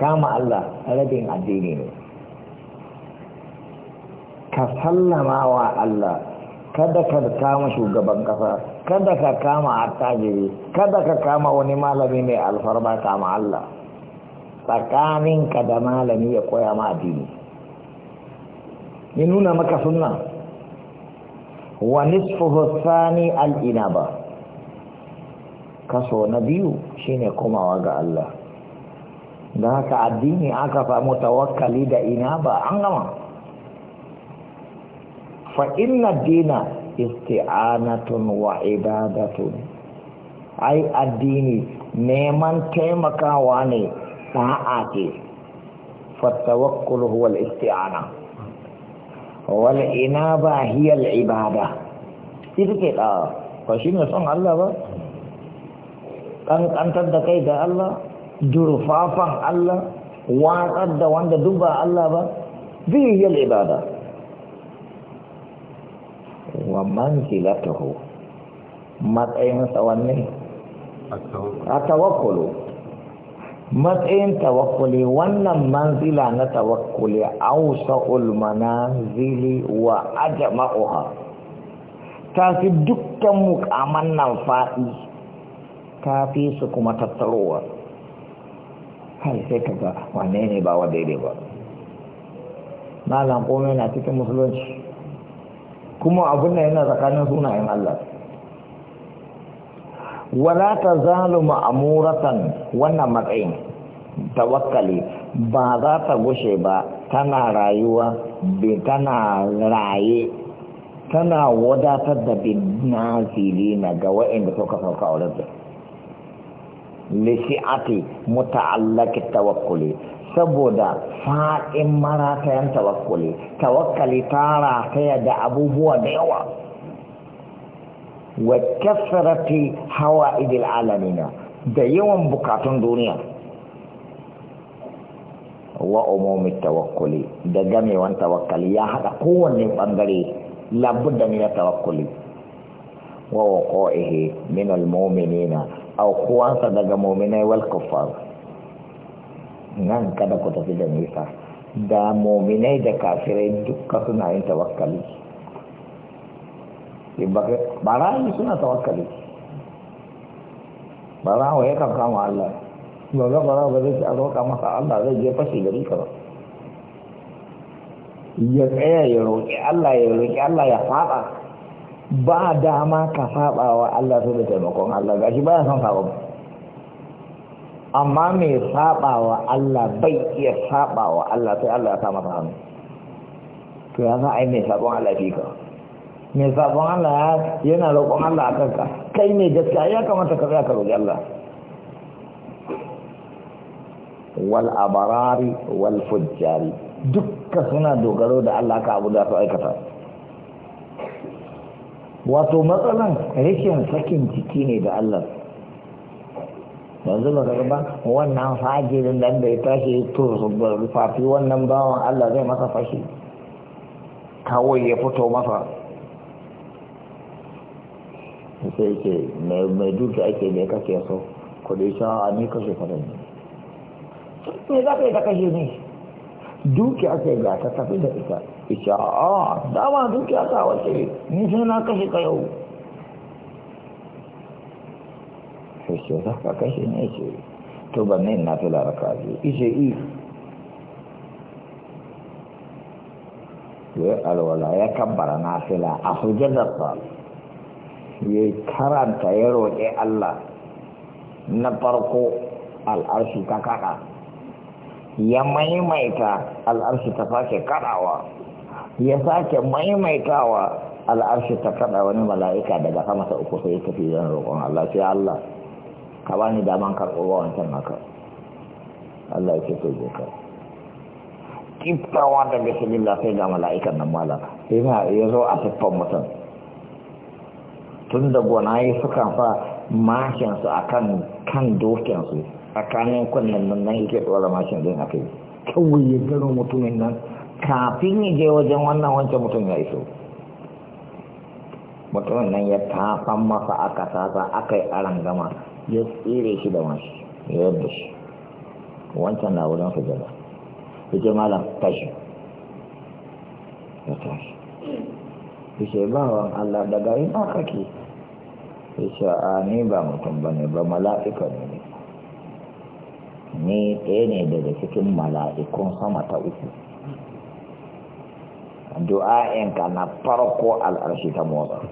Speaker 1: kama Allah rabin addini ne ka sallama wa Allah kada ka kama shugaban kasa kada ka kama attajiri kada ka kama wani malami mai alfarma kama Allah tsakaninka da malami ya koya ma addini ya nuna maka sunna wa nisfuhu al'ina al-inaba kaso na biyu shine komawa ga Allah da haka addini aka ah, samu tawakkali da ina ah, ba an ah, gama fa inna dina isti'anatun wa ibadatun ai addini neman taimakawa ne da'a ce fattawakkul huwa al-isti'ana wal ina ba hiyal ibada ita ce da'a ba shine son Allah ba kankantar da kai ga Allah durfafan Allah watsar da wanda duba ba Allah ba yi ibada wa manzilatahu matsayinsa wanne a tawakulu matsayin tawakuli wannan manzila na ausa Ulmana, Zili, wa ma'uha ta fi dukkan mukamman nan fa'i ta fi su kuma tattarowa kai sai ka ga wane ne ba wa daidai ba malam komai na cikin musulunci kuma abin da yana tsakanin suna sunayen Allah wala ta zalu ma'amuratan wannan matsayin tawakkali ba za ta gushe ba tana rayuwa bi tana raye tana wadatar da bin nazili na ga wa'inda suka sauka a wurin lishi'ati muta'allaqit tawakkuli saboda fa'in maratayan tawakkuli tawakkali tara ta da abubuwa da yawa wa kasrati hawa'idil alamina da yawan bukatun duniya wa umumi tawakkuli da gamewan tawakkali ya hada kowanne bangare labudda ne na tawakkuli wa waqi'ihi min al-mu'minina aw kuwansa daga mu'minai wal kuffar nan kada ku tafi da nisa da mu'minai da kafirai dukka suna yin tawakkali barayi suna tawakkali barawa ya kan kama Allah ba ga barawa ba zai ci a roƙa masa Allah zai je fashi gari ka ba ya tsaya ya roƙi Allah ya roƙi Allah ya faɗa ba dama ka saba wa Allah sai da taimakon Allah gashi ba son saba amma mai saba wa Allah bai iya saba wa Allah sai Allah ya sa masa hannu to ya za a yi mai sabon Allah fi ka mai sabon Allah yana roƙon Allah a kanka kai mai gaskiya ya kamata ka zaka ka roƙi Allah wal abarari wal fujjari dukka suna dogaro da Allah ka abu da su aikata wato matsalan rashin sakin ciki ne da Allah yanzu ba ba wannan fajirin nan da ya tashi rufafi wannan bawan Allah zai masa fashi kawai ya fito masa sai ke mai duka ake ne kake so kudi sha a kashe fara ne me za ka yi ta kashe ne duki ake ga ta tafi da ita ita a ah, dama duki aka wace ni sai na kashe ka yau sai ce za ka kashe ne ce to ba ne na tula raka biyu ishe i ya alwala ya kabbara na fila a ba ya karanta ya roƙe Allah na farko al'arshi ta kaɗa ya maimaita al'arshi ta sake kaɗawa ya sake maimaitawa al'arshi ta kada wani mala'ika daga sama ta uku sai ya tafi zan roƙon Allah sai Allah ka bani daman karɓo ba wancan haka Allah ya ce to je ka kiftawa da bismillah sai ga mala'ikan nan mala yana ya zo a tuffan mutum tun da gona yi sukan fa mashinsu a kan dokinsu a kanin kunnen nan nan yake tsora mashin din yi. kawai ya gano mutumin nan kafin ya je wajen wannan wancan mutum ya iso mutumin nan ya tafan masa aka sasa aka yi aran gama ya tsere shi da mashi ya yadda shi wancan na wurin su gaba ya ce malam tashi ya tashi ya ce bawan Allah daga ina kake ya ce a ni ba mutum ba ne ba mala'ika ne ni ɗaya ne daga cikin mala'ikun sama ta uku du'a'inka na farko al'arshi ta motsa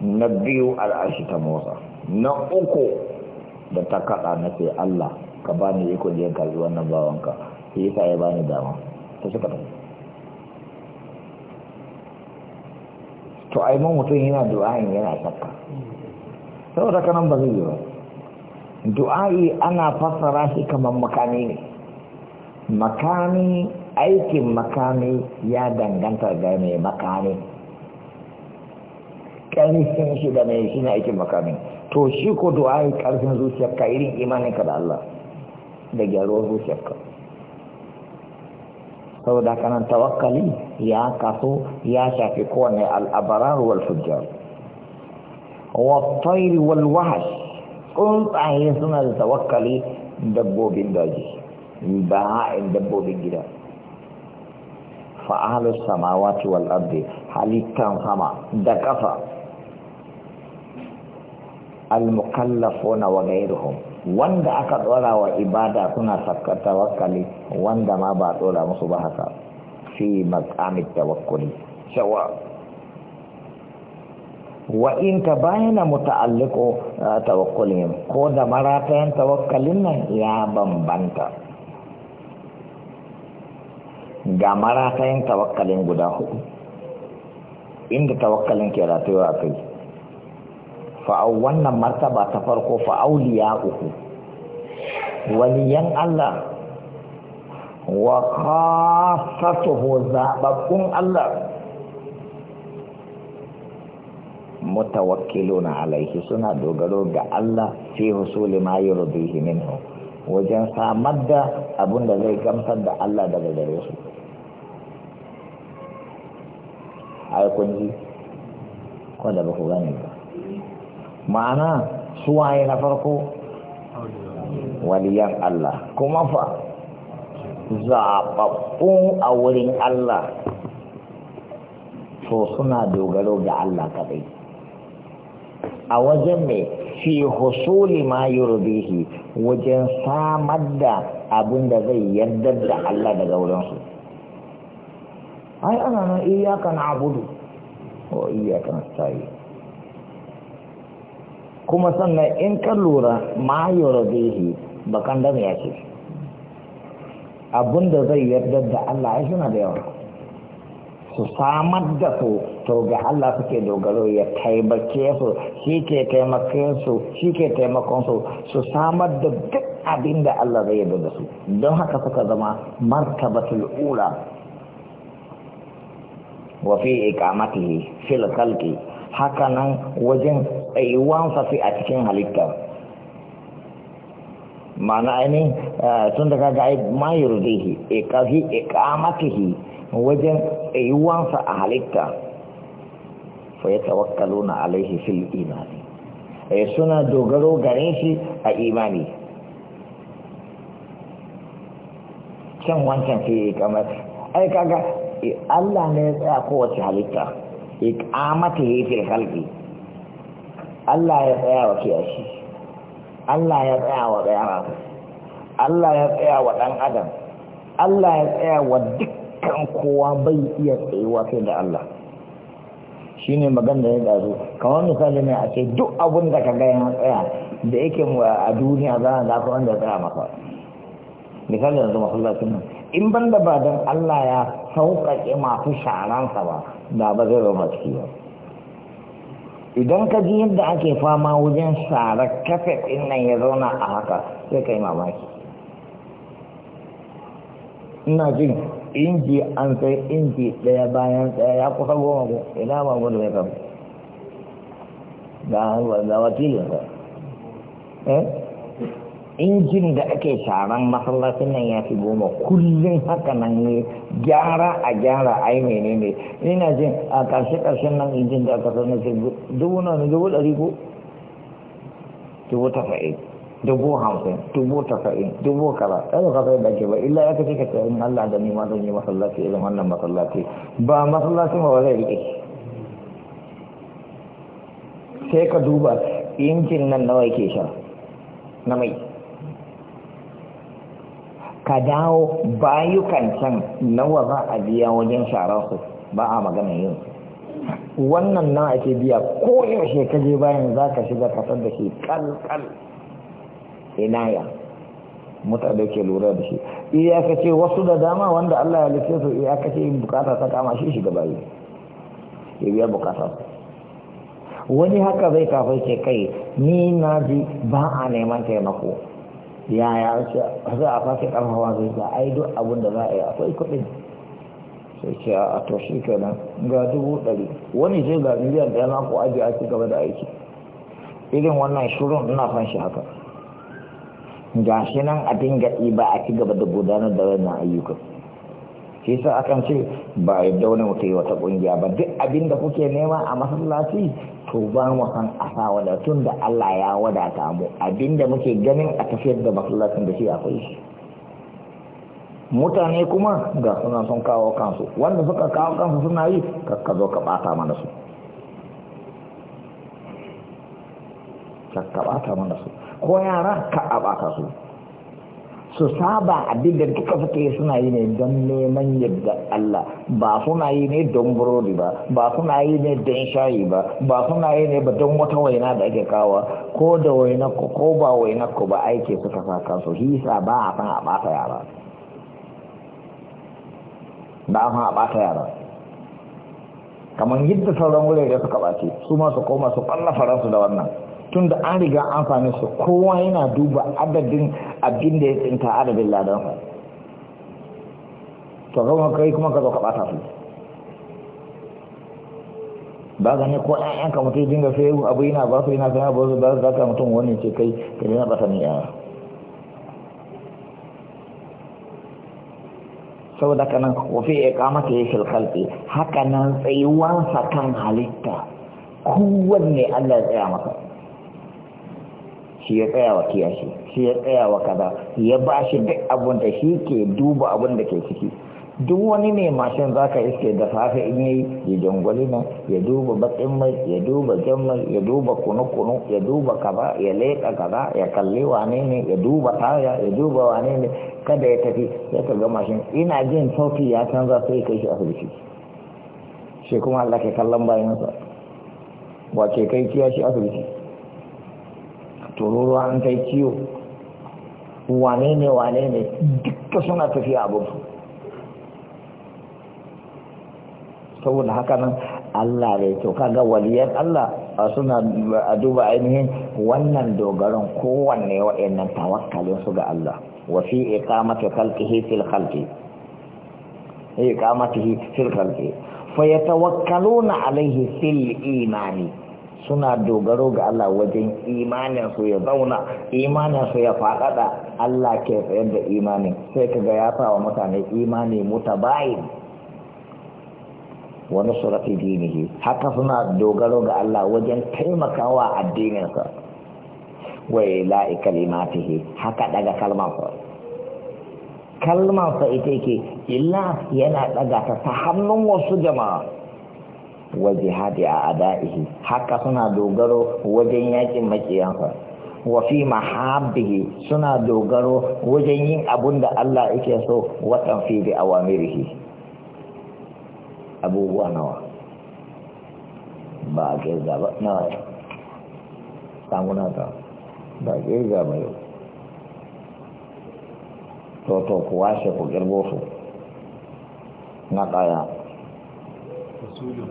Speaker 1: na biyu al'arshi ta motsa na uku da ta kaɗa na ce Allah ka ba ni ikon yin karbi wannan bawanka shi yi ya ba ni dama ta suka ta to ai mutum yana du'a'in yana shakka saboda kanan ba zai yi ba du'a'i ana fassara shi kamar makami ne makami aikin makami ya danganta ga mai makami ƙarfin shi da mai shi ne aikin makami to shi ko du'a'i ƙarfin zuciyarka irin imaninka da Allah da gyaruwar zuciyarka saboda kanan tawakkali ya kaso ya shafi kowane al'abarar wal fujjar wa tayr wal wahash tsuntsaye suna da tawakkali dabbobin daji ba in dabbobin gida fa'alus samawati wal ardi halittan sama da kafa al mukallafuna wa ghayruhum wanda aka dora wa ibada suna sakka tawakkali wanda ma ba dora musu ba haka fi maqamit tawakkuli shawa wa in ta bayyana muta'alliqu uh, tawakkulihim ko da maratayan tawakkalin nan ya bambanta ga maratayan tawakkalin guda hudu inda tawakkalin ke ratuwa a kai fa'au wannan martaba ta farko fa'auliya uku waliyan Allah wa khasatuhu zababbun Allah mutawakkiluna alaihi suna dogaro ga Allah fi husuli ma yurdihi minhu wajen samar da abun da zai gamsar da Allah daga gare su ai kun ji ko da ba ku gane ba ma'ana suwaye na farko waliyan Allah kuma fa zaɓaɓɓun a wurin Allah to suna dogaro ga Allah kaɗai a wajen mai fi husuli ma yurdihi wajen samar da abin da zai yarda da Allah daga wurinsu ai ana nan iyakan abudu ko iyakan sayi kuma sannan in ka lura ma yurdihi bakan da ya ce abin da zai yarda da Allah ya suna da yawa su samar da su to ga Allah suke dogaro ya taimake su shi ke taimake su shi ke taimakon su su samar da duk abin da Allah zai yarda da su don haka suka zama martabatul ula wa fi iqamatihi fil khalqi haka nan wajen tsayuwansa fi a cikin halitta ma'ana ainihin eh, tun da kaga ai ma yurdihi iqahi iqamatihi wajen tsayuwansa a halitta fa ya tawakkalu na alaihi fil imani eh suna dogaro gare shi a imani can wancan ke yi kamar ai kaga eh, Allah ne ya tsaya kowace halitta iqamata yi fil khalqi Allah ya tsaya wa kiyashi Allah ya tsaya wa tsayara Allah ya tsaya wa ɗan adam Allah ya tsaya wa duk Kan kowa bai iya tsayuwa sai da Allah shi ne magana ya ɗazu kamar misali ne a ce duk abun da ka gaya tsaya da yake a duniya za a zafi wanda ya tsaya maka misali yanzu masallacin nan in ban da ba don Allah ya sauƙaƙe masu sharansa ba da ba zai zama ciki ba idan ka ji yadda ake fama wajen shara kafe ɗin nan ya zauna a haka sai ka yi mamaki ina jin inji an sai inji daya bayan tsaye ya kusa goma ko ina ma gudu ya kama ga wakilinsa eh? injin da ake sharan masallacin nan ya fi goma kullum haka nan ne gyara a gyara ai ne ina jin a karshe ƙarshen nan injin da aka sanar da dubu na dubu ɗari ko dubu tafa'i dubu hamsin dubu tasa'in dubu kaza ɗan ka sai da ke ba illa ya kace kace in Allah da ni ma zan yi masallaci irin wannan masallaci ba masallaci ba zai rike sai ka duba injin nan nawa yake sha na mai ka dawo bayukan can nawa za a biya wajen su ba a magana yin wannan na ake biya ko yaushe ka je bayan za ka shiga kasar da shi kalkal inaya mutane ke lura da shi iyakace wasu da dama wanda Allah ya lissafa su iyakace yin bukata ta kama shi shiga bayi ya biya bukata wani haka zai kafai ce kai ni na ji ba a neman taimako yaya za a fashe karfawa zai za a yi duk abin da za a yi akwai kuɗin sai ce a to shi kenan ga dubu ɗari wani zai ga miliyan ɗaya mako ajiye a ci gaba da aiki irin wannan shirin ina fan shi haka ga shi nan a dinga ɗiba a ci gaba da gudanar da wannan ayyukan shi sa akan ce ba yadda wani mutum yi wata ƙungiya ba duk abin da kuke nema a masallaci to ba mu san wada tun da Allah ya wadata mu abin da muke ganin a tafiyar da masallacin da shi akwai shi mutane kuma ga suna sun kawo kansu wanda suka kawo kansu suna yi ka zo ka ɓata ka bata mana su ko yara ka a baka su su saba a da duka suke suna yi ne don neman yadda Allah ba suna yi ne don burodi ba ba suna yi ne don shayi ba ba suna yi ne ba don wata waina da ake kawo ko da waina ko ko ba waina ba aike suka sa kansu hisa ba a san a bata yara ba a san a bata yara kamar yadda sauran wurare suka bace su ma su koma su ɓalla faransu da wannan tunda an riga an su kowa yana duba adadin abin da ya tsinta adadin ladan to kuma kai kuma ka zo ka bata su ba gane ko ƴaƴan ka mutum dinga sai abu yana ba su yana sai abu ba za ka mutum wani ce kai ka dina bata ni yaya saboda kana wafi iqamati fil khalqi haka nan tsayuwansa kan halitta kowanne Allah ya tsaya masa shi ya tsaya wa kiyashi shi ya tsaya wa kaza ya ba shi duk abin da shi ke duba abin da ke ciki duk wani ne mashin za ka iske da safe in yi ya jangwali nan ya duba bakin mai ya duba jan mai ya duba kunu-kunu ya duba kaza ya leƙa kaza ya kalli wane ne ya duba taya ya duba wane ne kada ya tafi ya ta ga mashin ina jin sauti ya canza sai kai shi asibiti shi kuma Allah ke kallon bayansa ke kai kiyashi shi asibiti tururuwa an kai ciwo wane ne wane ne duka suna tafiya abinsu saboda haka nan Allah bai to kaga waliyar Allah suna a duba ainihin wannan dogaron kowanne waɗannan tawakkalin su ga Allah wa fi iqamati khalqihi fil khalqi iqamatihi fil khalqi fa yatawakkaluna alayhi fil imani suna dogaro ga Allah wajen imanin ya zauna imanin ya faɗaɗa Allah ke tsayar da imanin sai kaga ya fawa wa mutane imani Wani surafi nusrati dinihi haka suna dogaro ga Allah wajen taimakawa addininsa wa ta kalimatihi haka daga kalmansa kalmansa ita ke illa yana ɗaga ta hannun wasu jama'a wa jihadi a adaihi haka suna dogaro wajen yakin makiyansa wa fi mahabbihi suna dogaro wajen yin abun da Allah yake so wa tanfidi awamirihi abubuwa nawa ba a zaba na nawa samuna ta ba ke zaba yau to to kuwa shi ku girgo su na kaya na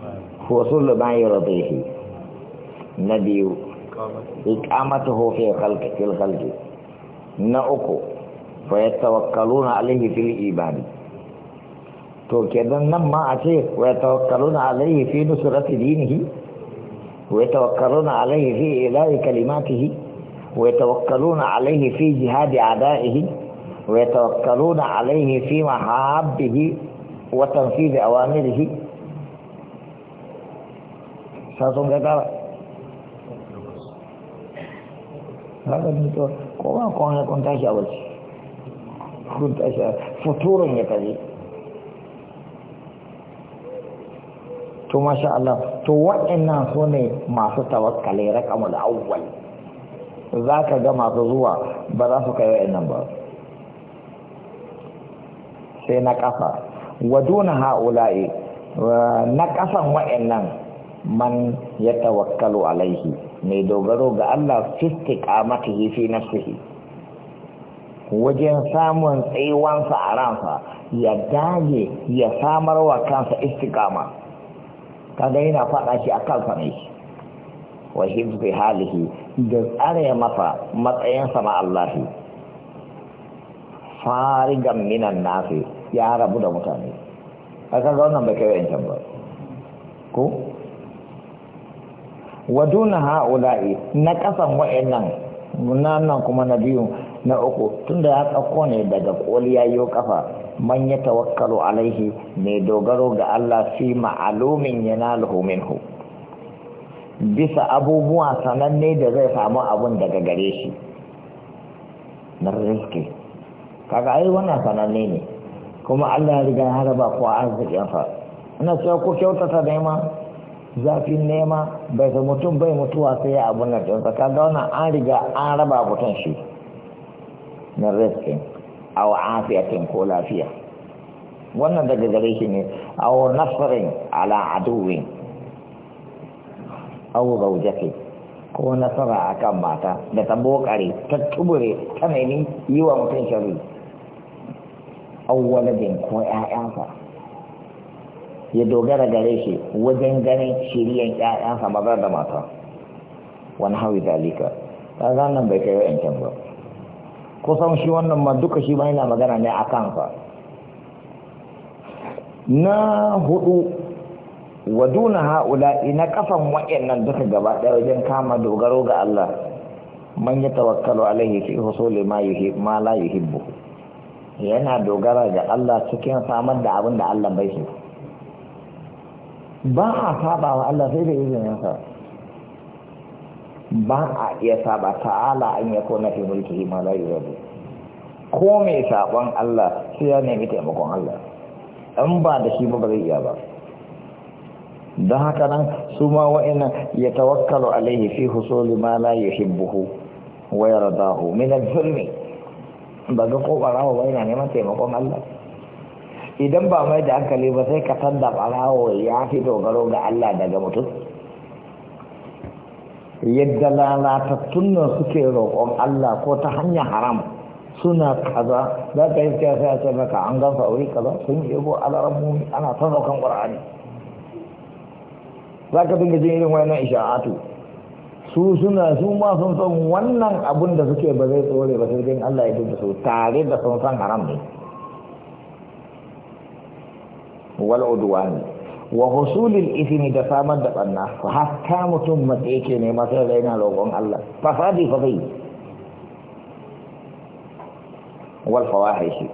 Speaker 1: وصول ما يرضيه نبي إقامته في خلق في الخلق نأكو فيتوكلون عليه في الإيمان to kenan nan ma a ce wa tawakkaluna alaihi fi nusrati dinihi wa tawakkaluna alaihi fi ilahi kalimatihi wa tawakkaluna alaihi fi jihadi adaihi wa tawakkaluna alaihi fi mahabbihi wa tanfidhi awamirihi sasun gaggawa haka ne to kowa kowa kun tashi a waje kun tashi a futurun ya kaje to masha Allah to waɗannan su ne masu tawakkale da awwal za ka ga masu zuwa ba za su kai waɗannan ba sai na ƙasa wa duna ha'ula'i na ƙasan waɗannan man ya tawakkalu alaihi mai dogaro ga Allah hifi na suhi wajen samun tsayuwansa a ransa ya dage ya samar wa kansa istiqama kaga yana faɗa shi a kansa ne wa hifzi halihi da tsare masa matsayinsa ma Allah farigan minan nasi ya rabu da mutane ga wannan bai kai wa ba ko wa duna ha'ula'i na kasan wa'annan nan kuma na biyu na uku tunda ya tsakko ne daga koliya yau kafa man ya tawakkalu alaihi mai dogaro ga Allah fi ma'alumin yanaluhu minhu bisa abubuwa sananne da zai samu abun daga gare shi na riski kaga ai wannan sananne ne kuma Allah ya riga ya haraba ko arzikin fa ina cewa ku kyautata nema zafin nema bai ga mutum bai mutuwa sai ya abu na ɗinsa ka ga wannan an riga an raba mutum shi na riskin awa afiyatin ko lafiya wannan daga gare shi ne wa nasarin ala aduwin awa ko nasara a kan mata da ta bokare ta tubure ta nemi yi wa mutum shari awwaladin ko 'ya'yansa ya dogara gare shi wajen ganin shiriyan ƴaƴansa maza da mata wani hawi dalika ta zanen bai kai wa'yancan ba kusan shi wannan ma duka shi ma yana magana ne a kansa na hudu wa duna ha'ula na kafan wa'yannan duka gaba ɗaya wajen kama dogaro ga Allah man ya tawakkalu alaihi fi husuli ma yuhi ma la yuhibbu yana dogara ga Allah cikin samar da abin da Allah bai so ba a saba wa Allah sai da izininsa ba a iya saba ta'ala an ya kona fi mulki ma la yurabu ko mai sabon Allah sai ya nemi taimakon Allah in ba da shi ba ba zai iya ba da haka nan su ma wa'ina ya tawakkalu alaihi fi husuli ma la yuhibbuhu wa yardahu min al-zulmi ba ga ko barawa ba yana neman taimakon Allah idan ba mai da hankali ba sai ka san da barawo ya fi dogaro ga Allah daga mutum yadda lalatattun nan suke roƙon Allah ko ta hanyar haram suna kaza za ka yi sai a ce maka an gan wuri kaza sun yi ego alaramuni ana ta roƙon ƙwar'ani za ka dinga jin irin wannan isha'atu su suna su ma sun san wannan abun da suke ba zai tsore ba sai dai Allah ya dinga su tare da sun san haram ne wal wa husulil ismi da samar da banna hatta mutum mace yake ne masa raina roƙon Allah fasadi fa zai wal fawahishi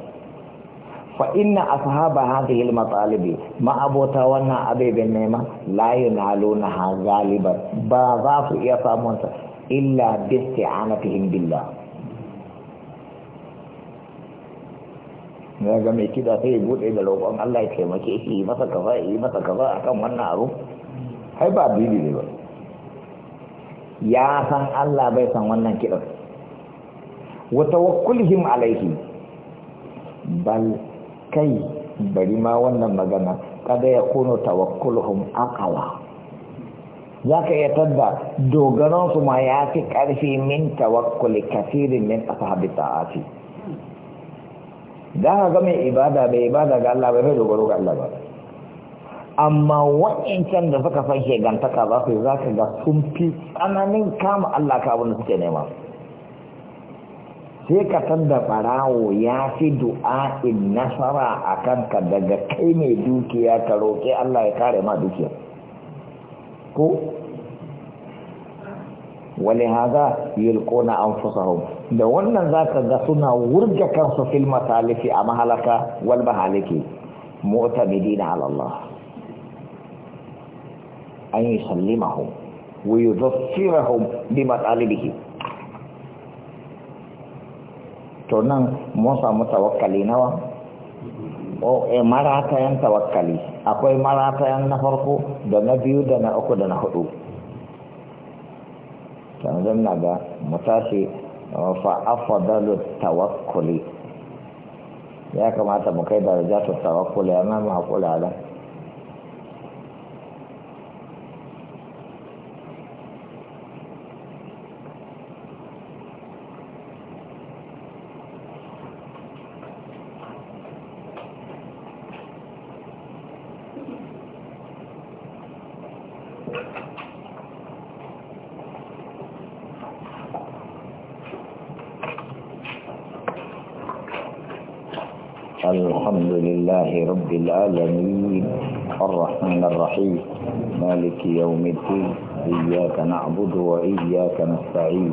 Speaker 1: fa inna ashaba hadhihi al matalib ma abota wannan abebe nema la yunaluna ha galiban ba za su iya samun illa bi isti'anatihim billah ya ga mai kida sai ya bude da roƙon Allah ya taimake shi masa kaza yi masa kaza akan wannan abu ai ba bibi ne ba ya san Allah bai san wannan kidan wa tawakkulhim alaihi bal kai bari ma wannan magana kada ya kuno tawakkuluhum aqwa za ka iya tadda dogaransu ma ya fi ƙarfi min tawakkuli kafirin min ashabi ta'ati da ka ga mai ibada bai ibada ga Allah bai bai dogaro ga Allah ba amma wa'incan da suka san shegantaka za su za ka ga sun fi tsananin kama Allah ka abin da suke nema sai ka da ɓarawo ya fi du'a'in nasara a kanka daga kai mai dukiya ka roƙe Allah ya kare ma dukiya ko wani haza yi yulkona an hau da wannan za ka ga suna wurga kansu fil masalifi a mahalaka wal mahaliki mota ala alallah an yi yusallimahum wa yudaffirahum bi matalibihi to nan mun samu tawakkali nawa o e eh, yan tawakkali akwai yan na farko da na biyu da na uku da na hudu sannan na ga matashi fa afdalu tawakkuli ya kamata mu kai darajatu tawakkuli amma mu hakula nan العالمين الرحمن الرحيم مالك يوم الدين إياك نعبد وإياك نستعين